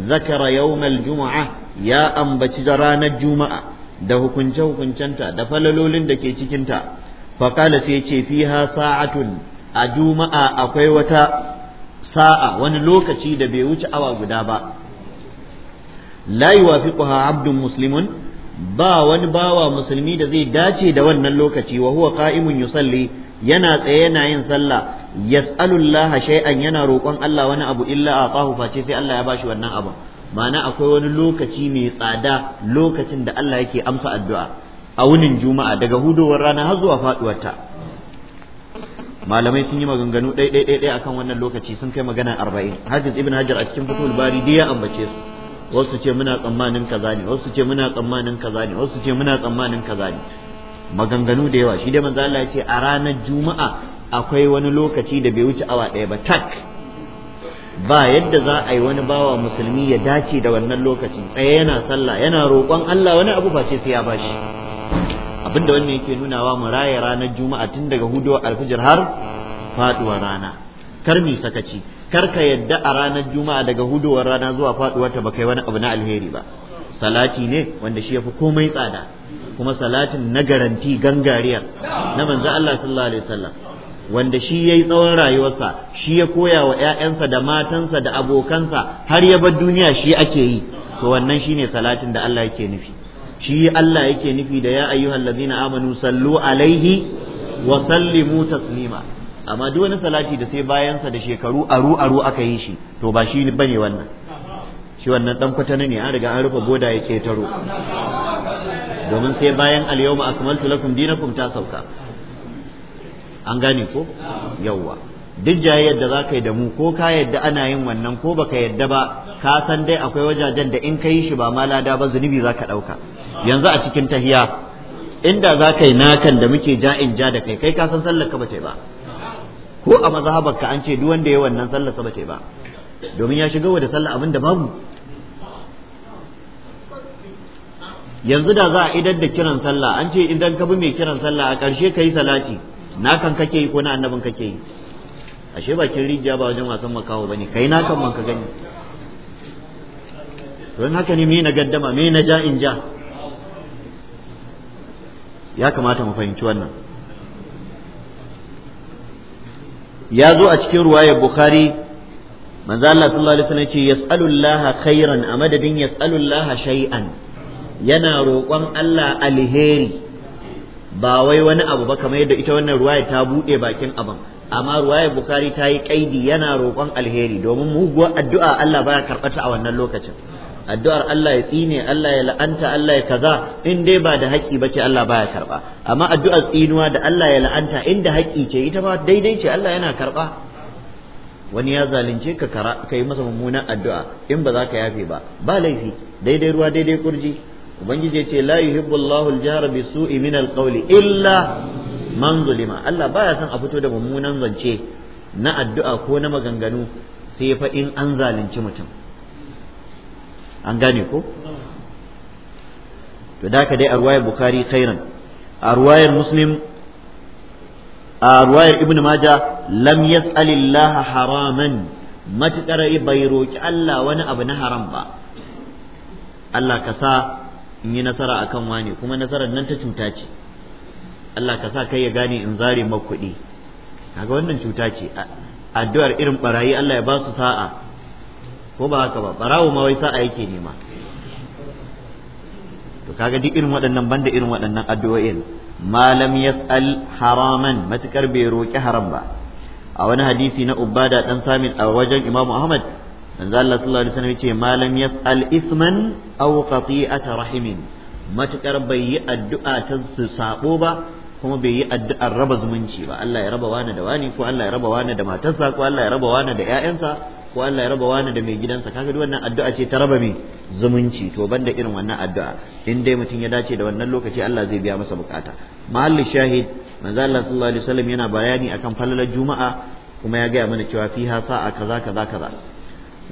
S1: zakara yawmal jumu'a ya ambaci da ranar juma'a da hukunce hukuncenta da falalolin da ke cikinta fa qala sai yace fiha sa'atun a juma'a akwai wata sa'a wani lokaci da bai wuce awa guda ba la yuwafiquha abdun muslimun ba wani bawa musulmi da zai dace da wannan lokaci wa ka'imun qa'imun salli. yana tsaye yana yin sallah Allah shay'an yana roƙon Allah wani abu illa atahu face sai Allah ya bashi wannan abu ma'ana akwai wani lokaci mai tsada lokacin da Allah yake amsa addu'a a wunin juma'a daga hudowar rana har zuwa ta malamai sun yi maganganu ɗai dai ɗai akan wannan lokaci sun kai magana arba'in hafiz ibn hajar a cikin fitul bari ya ambace su wasu ce muna tsammanin kaza ne wasu ce muna tsammanin kaza ne wasu ce muna tsammanin kaza ne maganganu da yawa shi dai manzo Allah ya ce a ranar juma'a akwai wani lokaci da bai wuce awa ɗaya ba tak ba yadda za a yi wani bawa musulmi ya dace da wannan lokacin tsaye yana sallah yana roƙon Allah wani abu face sai ya bashi abinda wannan yake nunawa mu raya ranar juma'a tun daga huduwar alfijir har faduwar rana kar mi sakaci kar ka yadda a ranar juma'a daga huduwar rana zuwa faɗuwarta ta ba kai wani abu na alheri ba salati ne wanda shi yafi komai tsada kuma salatin na garanti gangariyar na manzo Allah sallallahu alaihi wasallam wanda shi yayi tsawon rayuwarsa shi ya koya wa 'ya'yansa da matansa da abokansa har ya bar duniya shi ake yi to wannan shine salatin da Allah yake nufi shi Allah yake nufi da ya ayyuhallazina amanu sallu alaihi wa sallimu taslima amma duk wani salati da sai bayansa da shekaru aru aru aka yi shi to ba shi bane wannan shi wannan dan kwatana ne an riga an rufe boda yake taro domin sai bayan al-yawma akmaltu lakum dinakum ta sauka an gane ko yawwa duk jayayyar da za ka yi da mu ko ka yadda ana yin wannan ko baka yadda ba ka san dai akwai wajajen da in ka yi shi ba ma lada ba zunubi za ka ɗauka yanzu a cikin tahiya inda za ka yi nakan da muke ja ja da kai kai ka san sallar ka bace ba ko a mazhabarka an ce duk wanda ya wannan sallar sa ba domin ya shiga wa da sallar abin da babu yanzu da za a idan da kiran sallah an ce idan ka bi mai kiran sallah a ƙarshe ka yi salati na kan kake yi ko na annabin kake yi ashe bakin rijiya ba wajen wasan makaho ne ka yi nakan man ka gani don haka ne me na gaddama me na ja in ja ya kamata mu fahimci wannan ya zo a cikin Ruwaya bukhari manzo Allah sallallahu alaihi wasallam ce yas'alullaha khairan a madadin yas'alullaha shay'an yana roƙon Allah alheri ba wai wani abu ba kamar yadda ita wannan ruwaya ta buɗe bakin abin amma ruwayar bukari ta yi kaidi yana roƙon alheri domin muguwar addu'a Allah baya ta a wannan lokacin addu'ar Allah ya tsine Allah ya la'anta Allah ya kaza in dai ba da haƙƙi ba ce Allah baya karɓa amma addu'ar tsinuwa da Allah ya la'anta in da haƙƙi ce ita ba daidai ce Allah yana karɓa wani ya zalunce ka kara kai masa mummunan addu'a in ba za ka yafe ba ba laifi daidai ruwa daidai kurji ubangiji ce la yuhibbu Allahu al-jahra bi su'i min al-qawli illa man zulima Allah baya son a fito da mummunan zance na addu'a ko na maganganu sai fa in an zalunci mutum an gane ko to da ka dai arwayar bukhari khairan arwayar muslim arwayar ibnu maja lam yas'alillaha haraman matukar bai roki Allah wani abu na haram ba Allah ka sa in yi nasara akan wane kuma nasarar nan ta cuta ce Allah ka sa kai ya gane in zare makuɗi kaga wannan cuta ce addu'ar irin barayi Allah ya ba su sa'a ko ba haka ba barawo ma wai sa'a yake nema to kaga duk irin waɗannan banda irin waɗannan addu'o'in malam yas'al haraman matukar bai roƙi haram ba a wani hadisi na ubada dan samin a wajen imamu ahmad manzo Allah sallallahu alaihi wasallam yace malam yas'al isman aw qati'ata rahimin matukar bai yi addu'a ta su sabo ba kuma bai yi addu'ar raba zumunci ba Allah ya raba wani da wani ko Allah ya raba wani da matarsa ko Allah ya raba wani da ƴaƴansa ko Allah ya raba wani da mai gidansa kaga duk wannan addu'a ce ta raba mai zumunci to banda irin wannan addu'a in dai mutum ya dace da wannan lokaci Allah zai biya masa bukata mahallu shahid manzo Allah sallallahu alaihi wasallam yana bayani akan falalar juma'a kuma ya gaya mana cewa fiha sa'a kaza kaza kaza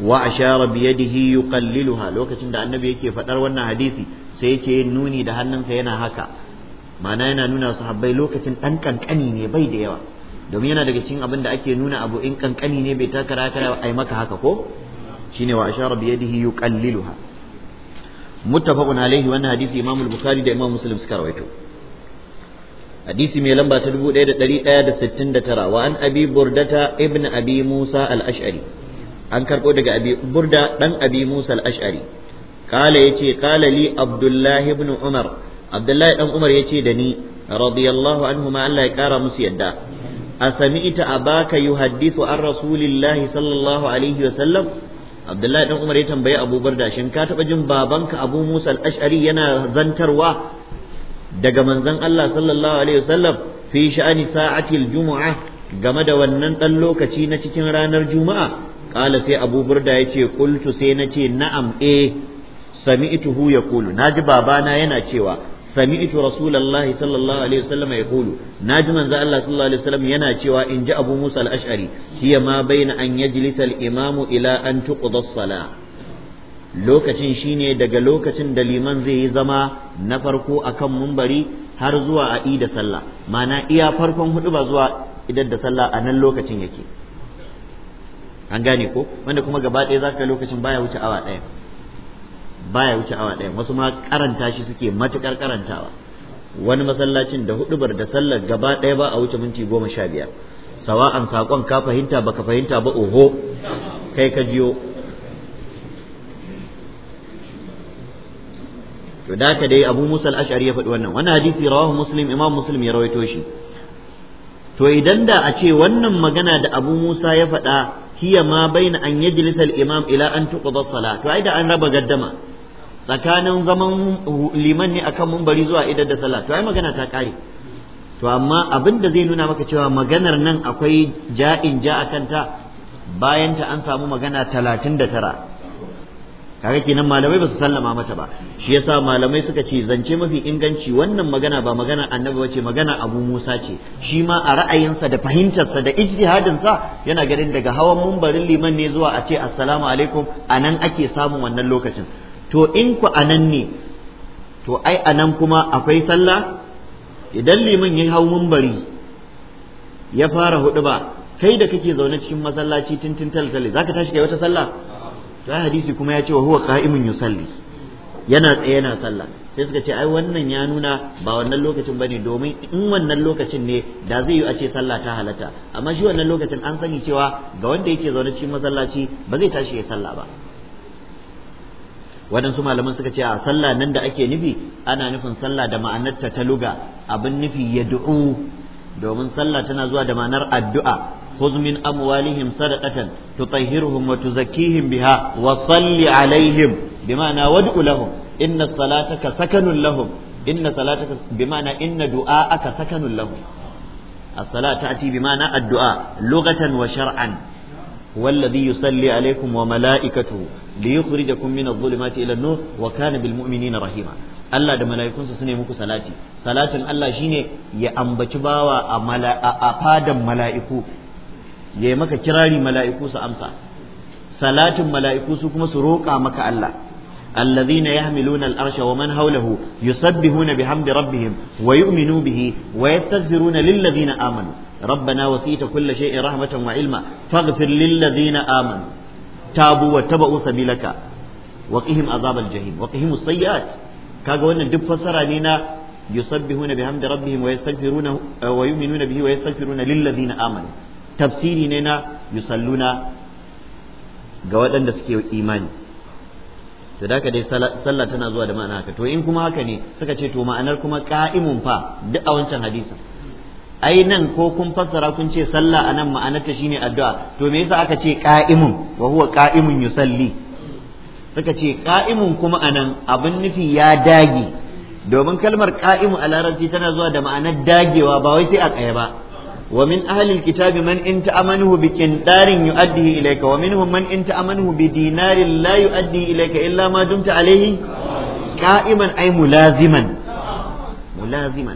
S1: wa ashara bi yadihi yuqalliluha lokacin da annabi yake fadar wannan hadisi sai yake nuni da hannunsa yana haka ma'ana yana nuna sahabbai lokacin ɗan kankani ne bai da yawa domin yana daga cikin abin da ake nuna abu in kankani ne bai taka raka ai maka haka ko shine wa ashara bi yadihi yuqalliluha muttafaqun alaihi wannan hadisi Imam al-Bukhari da Imam Muslim suka rawaito hadisi mai lamba ta 1169 wa an abi burdata ibn abi Musa al-Ash'ari an karɓo daga abi burda dan abi musa al-ash'ari kala yace kala li abdullahi ibn umar abdullahi dan umar yace da ni radiyallahu anhuma Allah ya kara musu yadda a baka abaka yuhaddithu an rasulillahi sallallahu alaihi wa sallam abdullahi dan umar ya tambayi abu burda shin ka taba jin babanka abu musa al-ash'ari yana zantarwa daga manzon Allah sallallahu alaihi wa sallam fi sha'ani sa'atil jumu'ah game da wannan dan lokaci na cikin ranar juma'a qala sai abu burda yace qultu sai nace na'am e, eh sami'tuhu yaqulu naji babana yana cewa sami'tu rasulullahi sallallahu alaihi wasallam yaqulu naji manzo Allah sallallahu alaihi wasallam yana cewa in ji abu musa al-ash'ari hiya ma baina an yajlisa al-imamu ila an tuqda as lokacin shine daga lokacin da liman zai yi zama na farko akan mumbari har zuwa a da sallah ma'ana iya farkon hudu ba zuwa idan da sallah a nan lokacin yake an gane ko wanda kuma gaba ɗaya za zaka lokacin baya wuce awa ɗaya baya wuce awa ɗaya wasu ma karanta shi suke matukar karantawa wani masallacin da huɗubar da sallar gaba ɗaya ba a wuce minti goma sha biyar sawa'an saƙon ka fahimta baka fahimta ba oho kai ka jiyo to da ka dai abu musa al-ash'ari ya faɗi wannan wani hadisi rawahu muslim imam muslim ya rawaito shi to idan da a ce wannan magana da abu musa ya faɗa hiya ma baina an yajlisa al-imam ila an tuqda as to ai an raba gaddama tsakanin zaman liman ne akan munbari zuwa idar da salat to ai magana ta kare to amma abin da zai nuna maka cewa maganar nan akwai ja'in ja akan ta bayan ta an samu magana talatin da tara kaga kenan malamai ba su sallama mata ba shi yasa malamai suka ce zance mafi inganci wannan magana ba magana annabi ba ce magana abu musa ce shi ma a ra'ayinsa da fahimtarsa da ijtihadinsa yana ganin daga hawan mumbarin liman ne zuwa a ce assalamu alaikum anan ake samun wannan lokacin to in ku anan ne to ai anan kuma akwai sallah idan liman ya hau mumbari ya fara hudu ba kai da kake zaune cikin masallaci tintin taltale zaka tashi kai wata sallah sai hadisi kuma ya ce wa huwa qa'imun yusalli yana tsaye yana sallah sai suka ce ai wannan ya nuna ba wannan lokacin bane domin in wannan lokacin ne da zai yi a ce sallah ta halatta amma shi wannan lokacin an sani cewa ga wanda yake zaune cikin masallaci ba zai tashi ya sallah ba waɗansu malaman suka ce a sallah nan da ake nufi ana nufin sallah da ma'anarta ta luga abin nufi ya du'u domin sallah tana zuwa da ma'anar addu'a خذ من أموالهم صدقة تطهرهم وتزكيهم بها وصل عليهم بمعنى ودع لهم إن صلاتك سكن لهم إن صلاتك بمعنى إن دعاءك سكن لهم الصلاة تأتي بمعنى الدعاء لغة وشرعا والذي يصلي عليكم وملائكته ليخرجكم من الظلمات إلى النور وكان بالمؤمنين رحيما Allah da mala'ikunsa su ne muku salati salatin Allah shine ya ambaci bawa a fadan mala'iku ya yi maka kirari mala'iku su amsa salatin mala'iku su kuma su roƙa maka Allah الذين يحملون الأرش ومن حوله يسبحون بحمد ربهم ويؤمنوا به ويستغفرون للذين آمنوا ربنا وسيت كل شيء رحمة وعلما فاغفر للذين آمنوا تابوا واتبعوا سبيلك وقهم عذاب الجحيم وقهم السيئات wannan duk fasara ne na yusabbihuna tafsiri ne na yusalluna ga waɗanda suke imani to da dai sallah tana zuwa da ma'ana haka to in kuma haka ne suka ce to ma'anar kuma ka'imun fa duk a wancan hadisin ai nan ko kun fassara kun ce sallah anan ma'anarta shine addu'a to me yasa aka ce qa'imun wa huwa qa'imun yusalli suka ce qa'imun kuma anan abin nufi ya dage domin kalmar qa'imu a larabci tana zuwa da ma'anar dagewa ba wai sai a tsaye ba wa min ahli alkitabi man in ta'amanuhu bi qindarin yu'addihi ilayka wa minhum man in ta'amanuhu bi la yu'addihi ilayka illa ma dumta alayhi qa'iman ay mulaziman mulaziman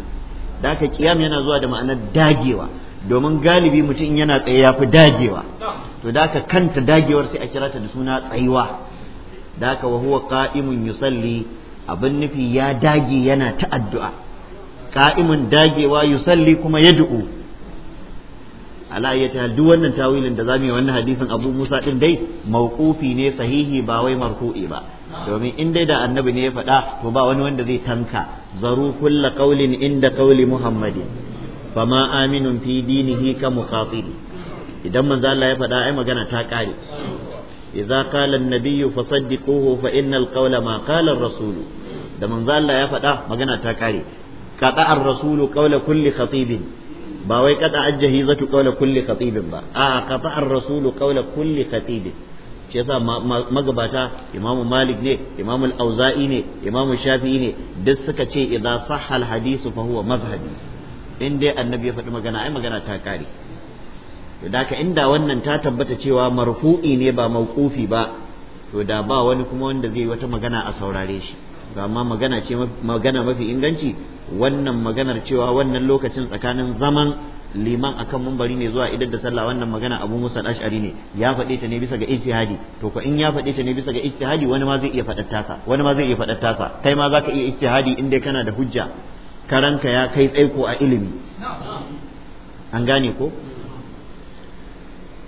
S1: da ka kiyam yana zuwa da ma'anar dagewa domin galibi mutum yana tsaye ya fi dagewa to da ka kanta dagewar sai a kira ta da suna tsayuwa da ka wahuwa ka'imun yusalli abin nufi ya dage yana ta addu'a ka'imun dagewa yusalli kuma ya du'u ala ayyata duk wannan tawilin da zamu yi wannan hadisin Abu Musa din dai mauqufi ne sahihi ba wai marfu'i ba domin in dai da annabi ne ya faɗa to ba wani wanda zai tanka zaru kulla qaulin inda qauli Muhammadin fama aminun fi dinihi ka muqatili idan manzo Allah ya faɗa ai magana ta kare idza qala an-nabiyyu fasaddiquhu fa innal qawla ma qala ar-rasul da manzo Allah ya faɗa magana ta kare ar rasulu qawla kulli khatibin ba wai kada ajjahi zatu qawla kulli khatibin ba a qata ar-rasul qawla kulli khatibin shi yasa magabata imamu malik ne imamu al-auza'i ne imamu shafi'i ne duk suka ce idan sahha al-hadith fa huwa mazhabi in dai annabi ya faɗi magana ai magana ta kare to da inda wannan ta tabbata cewa marfu'i ne ba mauqufi ba to da ba wani kuma wanda zai wata magana a saurare shi amma magana ce magana mafi inganci wannan maganar cewa wannan lokacin tsakanin zaman liman akan mumbari ne zuwa idan da sallah wannan magana Abu Musa al-Ash'ari ne ya faɗe ta ne bisa ga ijtihadi to ko in ya faɗe ta ne bisa ga ijtihadi wani ma zai iya faɗar tasa wani ma zai iya faɗar tasa kai ma zaka iya ijtihadi in dai kana da hujja karanka ya kai tsaiko a ilimi an gane ko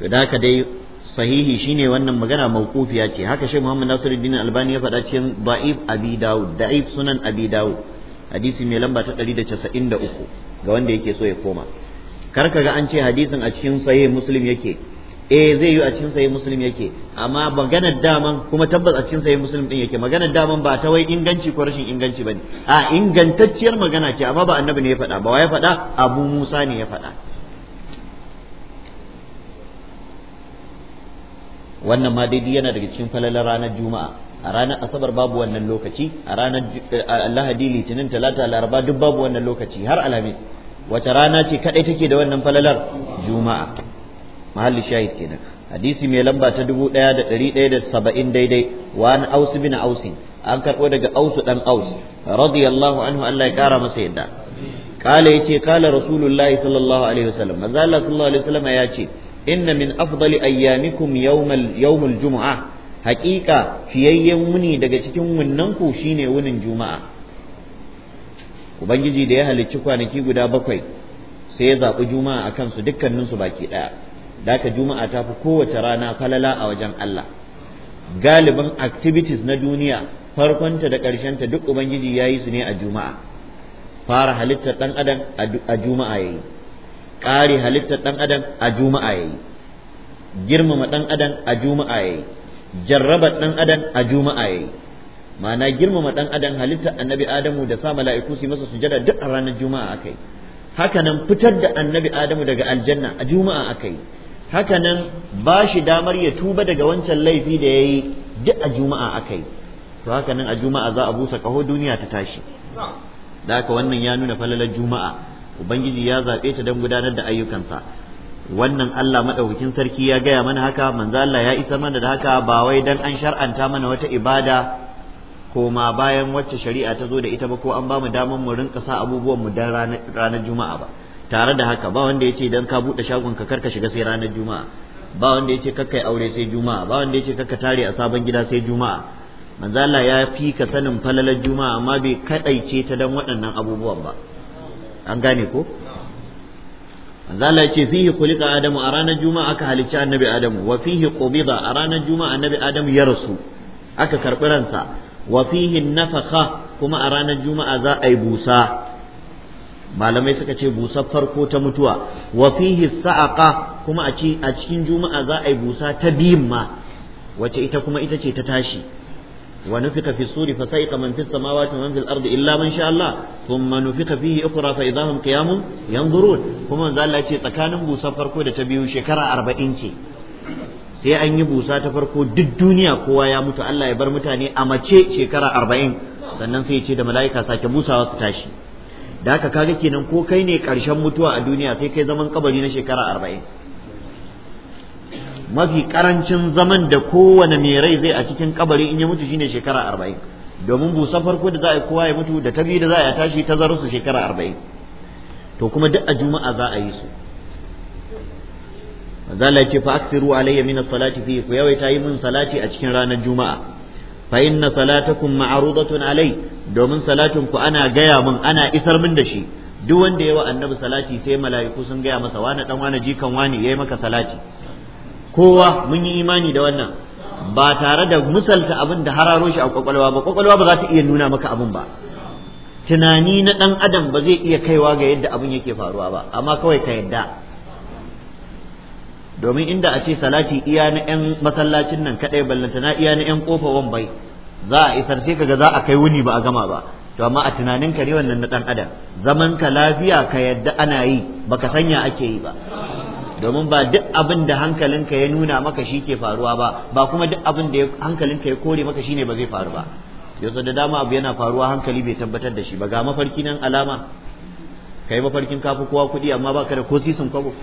S1: to da haka dai sahihi shine wannan magana mawqufiya ce haka shi Muhammad Nasiruddin Albani ya faɗa cikin Da'if Abi Dawud Da'if Sunan Abi Dawud hadisi mai lamba ta 193 ga wanda yake so ya koma kar ka ga an ce hadisin a cikin sahih Muslim yake eh zai yi a cikin sahih Muslim yake amma magana daman kuma tabbas a cikin sahih Muslim din yake magana daman ba ta wai inganci ko rashin inganci bane a ingantacciyar magana ce amma ba annabi ne ya faɗa ba ya faɗa Abu Musa ne ya faɗa wannan ma daidai yana daga cikin falalar ranar juma'a a ranar asabar babu wannan lokaci a ranar eh, lahadi litinin talata laraba duk babu wannan lokaci har alhamis wata rana ce kadai take da wannan falalar juma'a mahalli shahid kenan hadisi mai lamba ta dubu ɗaya da dari ɗaya da saba'in daidai wa an ausu bin ausi an karɓo daga ausu ɗan aus radiyallahu anhu allah ya ƙara masa yadda kala yace kala rasulullahi sallallahu alaihi wasallam Maza allah sallallahu alaihi wasallam ya ce inna min afdali ayyamikum yawmal juma'a, haƙiƙa fiyayyen wuni daga cikin wunnanku shine wunin juma'a ubangiji da ya halicci kwanaki guda bakwai sai ya zaɓi juma'a a kansu dukkaninsu baki ɗaya daka juma'a ta fi kowace rana falala a wajen Allah galibin activities na duniya farkonta da ƙarshenta duk ubangiji ya yi su ne a juma'a fara halittar ɗan adam a juma'a ya yi kare halittar ɗan adam a juma'a yayi girmama ɗan adam a juma'a yayi jarraba ɗan adam a juma'a yayi ma'ana girmama ɗan adam halittar annabi adamu da sa mala'iku su masa sujada duk a ranar juma'a akai hakanan fitar da annabi adamu daga aljanna a juma'a akai hakanan ba shi damar ya tuba daga wancan laifi da yayi duk a juma'a akai to hakanan a juma'a za a busa kaho duniya ta tashi da haka wannan ya nuna falalar juma'a ubangiji ya zaɓe ta don gudanar da ayyukansa wannan Allah maɗaukakin sarki ya gaya mana haka manzo Allah ya isa mana da haka ba wai dan an shar'anta mana wata ibada ko koma bayan wacce shari'a ta zo da ita ba ko an bamu damar mu rinka sa abubuwan mu dan ranar juma'a ba tare da haka ba wanda yace dan ka bude shagon ka karka shiga sai ranar juma'a ba wanda yace kakka yi aure sai juma'a ba wanda yace kakka tare a sabon gida sai juma'a manzo ya fi ka sanin falalar juma'a amma bai kadaice ta dan waɗannan abubuwan ba an gane ko manzo Allah yace fihi khuliqa adamu a ranar juma'a aka halicci annabi adamu wa fihi qubida a ranar juma'a annabi adamu ya rasu aka karbi ransa wa fihi nafakha kuma a ranar juma'a za a yi busa malamai suka ce busar farko ta mutuwa wa fihi sa'aqa kuma a cikin juma'a za a yi busa ta biyun ma wace ita kuma ita ce ta tashi ونفق في الصور فسيق من في السماوات ومن في الأرض إلا من شاء الله ثم نفق فيه أخرى فإذا هم قيام ينظرون ثم قال الله شيء تكان بوسا فرقو da ta biyu shekara arba'in ce sai an yi busa ta farko duk duniya kowa ya mutu Allah ya bar mutane a mace shekara arba'in sannan sai ya ce da mala'ika sake busawa su tashi da haka kaga kenan ko kai ne ƙarshen mutuwa a duniya sai kai zaman kabari na shekara arba'in mafi karancin zaman da kowane mai rai zai a cikin kabari in ya mutu shi ne shekara arba'in domin busa farko da za a yi kowa ya mutu da ta biyu da za a yi tashi ta zarar su shekara arba'in to kuma duk a juma'a za a yi su zala ce fa aksiru alayya min salati fi ku yawaita yi min salati a cikin ranar juma'a fa inna salatakum ma'rudatun alai domin salatin ku ana gaya min ana isar min da shi duk wanda yawa annabi salati sai mala'iku sun gaya masa wani dan wani jikan wani yayi maka salati kowa mun yi imani da wannan ba tare da misalta abin da hararo shi a kwakwalwa ba kwakwalwa ba za ta iya nuna maka abin ba tunani na ɗan adam ba zai iya kaiwa ga yadda abin yake faruwa ba amma kawai ka yadda domin inda a ce salati iya na 'yan masallacin nan kaɗai ballanta na iya na 'yan ƙofa wambai za a isar sai kaga za a kai wuni ba a gama ba to amma a tunanin ka ne wannan na ɗan adam zaman ka lafiya ka yadda ana yi baka sanya ake yi ba domin ba duk abin da hankalinka ya nuna maka shi ke faruwa ba ba kuma duk abin da hankalinka ya kore maka shi ne ba zai faru ba yanzu da dama abu yana faruwa hankali bai tabbatar da shi ba ga mafarki nan alama kai mafarkin ka fi kowa kuɗi amma baka da ko sisin kwabo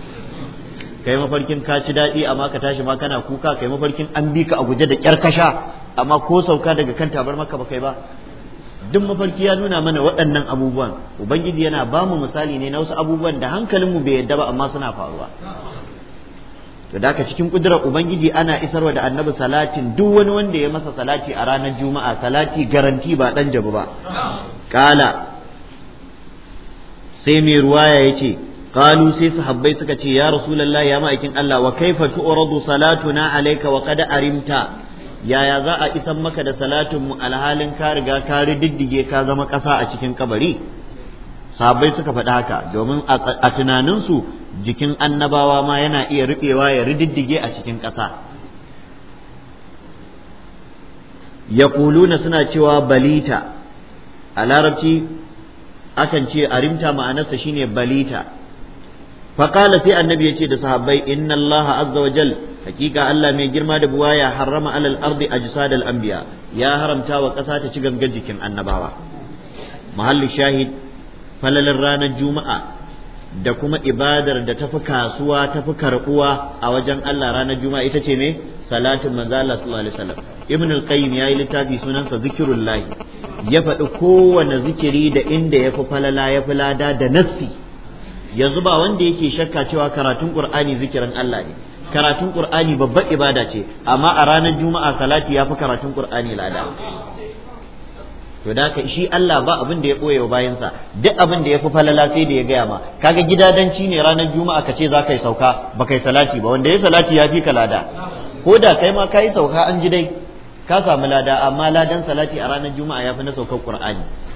S1: kai mafarkin ka ci daɗi amma ka tashi ma kana kuka kai mafarkin an bi ka a guje da ƙyar kasha amma ko sauka daga kan tabar maka ba kai ba duk mafarki ya nuna mana waɗannan abubuwan ubangiji yana ba mu misali ne na wasu abubuwan da hankalinmu bai yadda ba amma suna faruwa to da cikin kudurar ubangiji ana isarwa da annabi salatin duk wani wanda ya masa salati a ranar juma'a salati garanti ba dan jabu ba kala sai mai ruwaya yace qalu sai sahabbai suka ce ya rasulullahi ya ma'aikin Allah wa kaifa tu'radu salatuna alayka wa qad arimta yaya za a isan maka da salatin mu alhalin ka riga ka riddige ka zama ƙasa a cikin kabari Sabai suka faɗi haka domin a tunaninsu jikin annabawa ma yana iya riƙewa ya riddige a cikin ƙasa na suna cewa balita a larabci akan ce arimta ma'anarsa shine balita Faƙala sai annabi ya ce da sahabbai inna allaha azza wa hakika Allah mai girma da buwa ya harrama alal ardi ajsad al anbiya ya haramta wa ƙasa ta ci gangan jikin annabawa mahalli shahid falalin ranar juma'a da kuma ibadar da ta fi kasuwa tafi karbuwa a wajen Allah ranar juma'a ita ce ne, salatin manzo Allah sallallahu alaihi wasallam ibn al-qayyim yayi littafi sunansa zikrullah ya faɗi kowane zikiri da inda yafi falala ya fi lada da nassi yanzu ba wanda yake shakka cewa karatun qur'ani zikirin Allah ne karatun qur'ani babbar ibada ce amma a ranar juma'a salati yafi karatun qur'ani lada to da ka shi Allah ba abin da ya ɓoye wa bayansa duk abin da ya fi falala sai da ya gaya ma kaga gidadanci ne ranar juma'a ka ce za ka yi sauka ba kai salati ba wanda ya salati ya fi ka lada ko da kai ma ka yi sauka an ji dai ka samu lada amma ladan salati a ranar juma'a ya fi na saukar qur'ani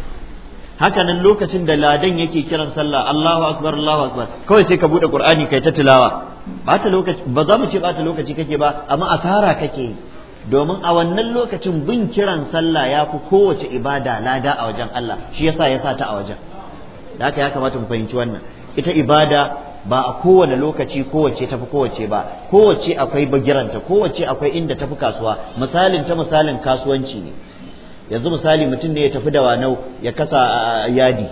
S1: haka nan lokacin da ladan yake kiran sallah Allahu akbar Allahu akbar kawai sai ka bude qur'ani kai ta tilawa ba ta lokaci ba za mu ce ba ta lokaci kake ba amma asara kake domin a wannan lokacin bin kiran sallah ya fi kowace ibada lada a wajen Allah shi yasa ya sa ta a wajen da haka ya kamata mu fahimci wannan ita ibada ba a kowane lokaci kowace tafi kowace ba kowace akwai bagiranta kowace akwai inda tafi kasuwa misalin ta misalin kasuwanci ne yanzu misali mutum ne ya tafi da wanau ya kasa yadi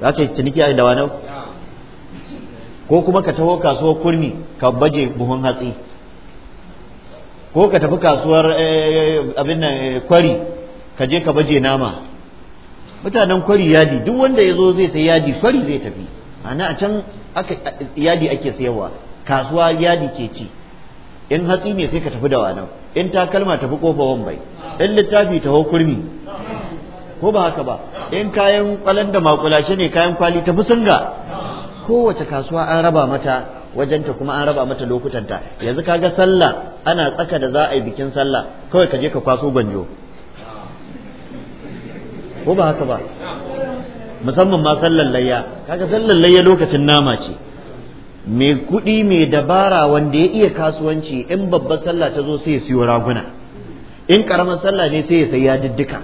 S1: za ka yi ciniki da wanau ko kuma ka taho kasuwar kurmi ka baje buhun hatsi ko ka tafi kasuwar eh, abin nan eh, kwari ka je ka baje nama mutanen kwari yadi duk wanda ya zo zai sai yadi kwari zai tafi ana a can yadi ake sayarwa kasuwa yadi ke ci in hatsi ne sai ka tafi da wanau in takalma tafi kofa wambai in littafi taho kurmi ko ba haka ba in kayan kwalan da makulashe ne kayan kwali ta singa kowace kasuwa an raba mata wajenta kuma an raba mata lokutanta yanzu kaga sallah ana tsaka da za a yi bikin sallah kawai ka je ka kwaso gwanjo ko ba haka ba
S2: musamman ma sallar layya kaga sallar layya lokacin
S1: nama ce mai kuɗi mai dabara wanda ya iya kasuwanci in babbar sallah ta zo sai ya siyo raguna in karamar sallah ne sai ya sayi ya diddika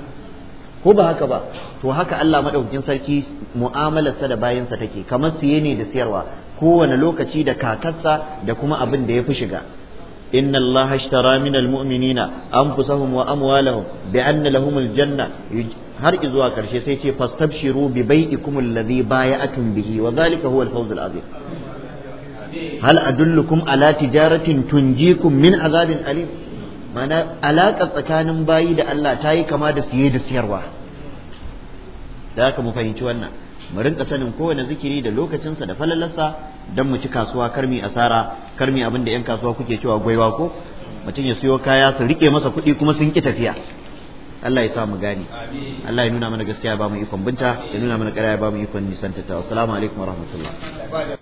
S1: ko ba haka ba to haka Allah madaukakin sarki mu'amalarsa da bayansa take kamar siye ne da siyarwa kowane lokaci da kakarsa da kuma abin da ya fi shiga inna Allah ashtara min almu'minina anfusahum wa amwalahum bi anna lahum aljanna har zuwa karshe sai ce fastabshiru bi bai'ikum alladhi bay'atum bihi wa dhalika huwa alfawz alazim hal adullukum ala tijaratin tunjikum min azabin alim mana alaƙar tsakanin bayi da Allah ta yi kama da siye da siyarwa da haka mu fahimci wannan mu rinka sanin kowane zikiri da lokacinsa da falalarsa don mu ci kasuwa karmi asara karmi abin da 'yan kasuwa kuke cewa gwaiwa ko mutum ya siyo kaya su riƙe masa kuɗi kuma sun ƙi tafiya Allah ya sa mu gane Allah ya nuna mana gaskiya ba mu ikon binta ya nuna mana ƙarya ba mu ikon nisanta ta assalamu alaikum rahmatullah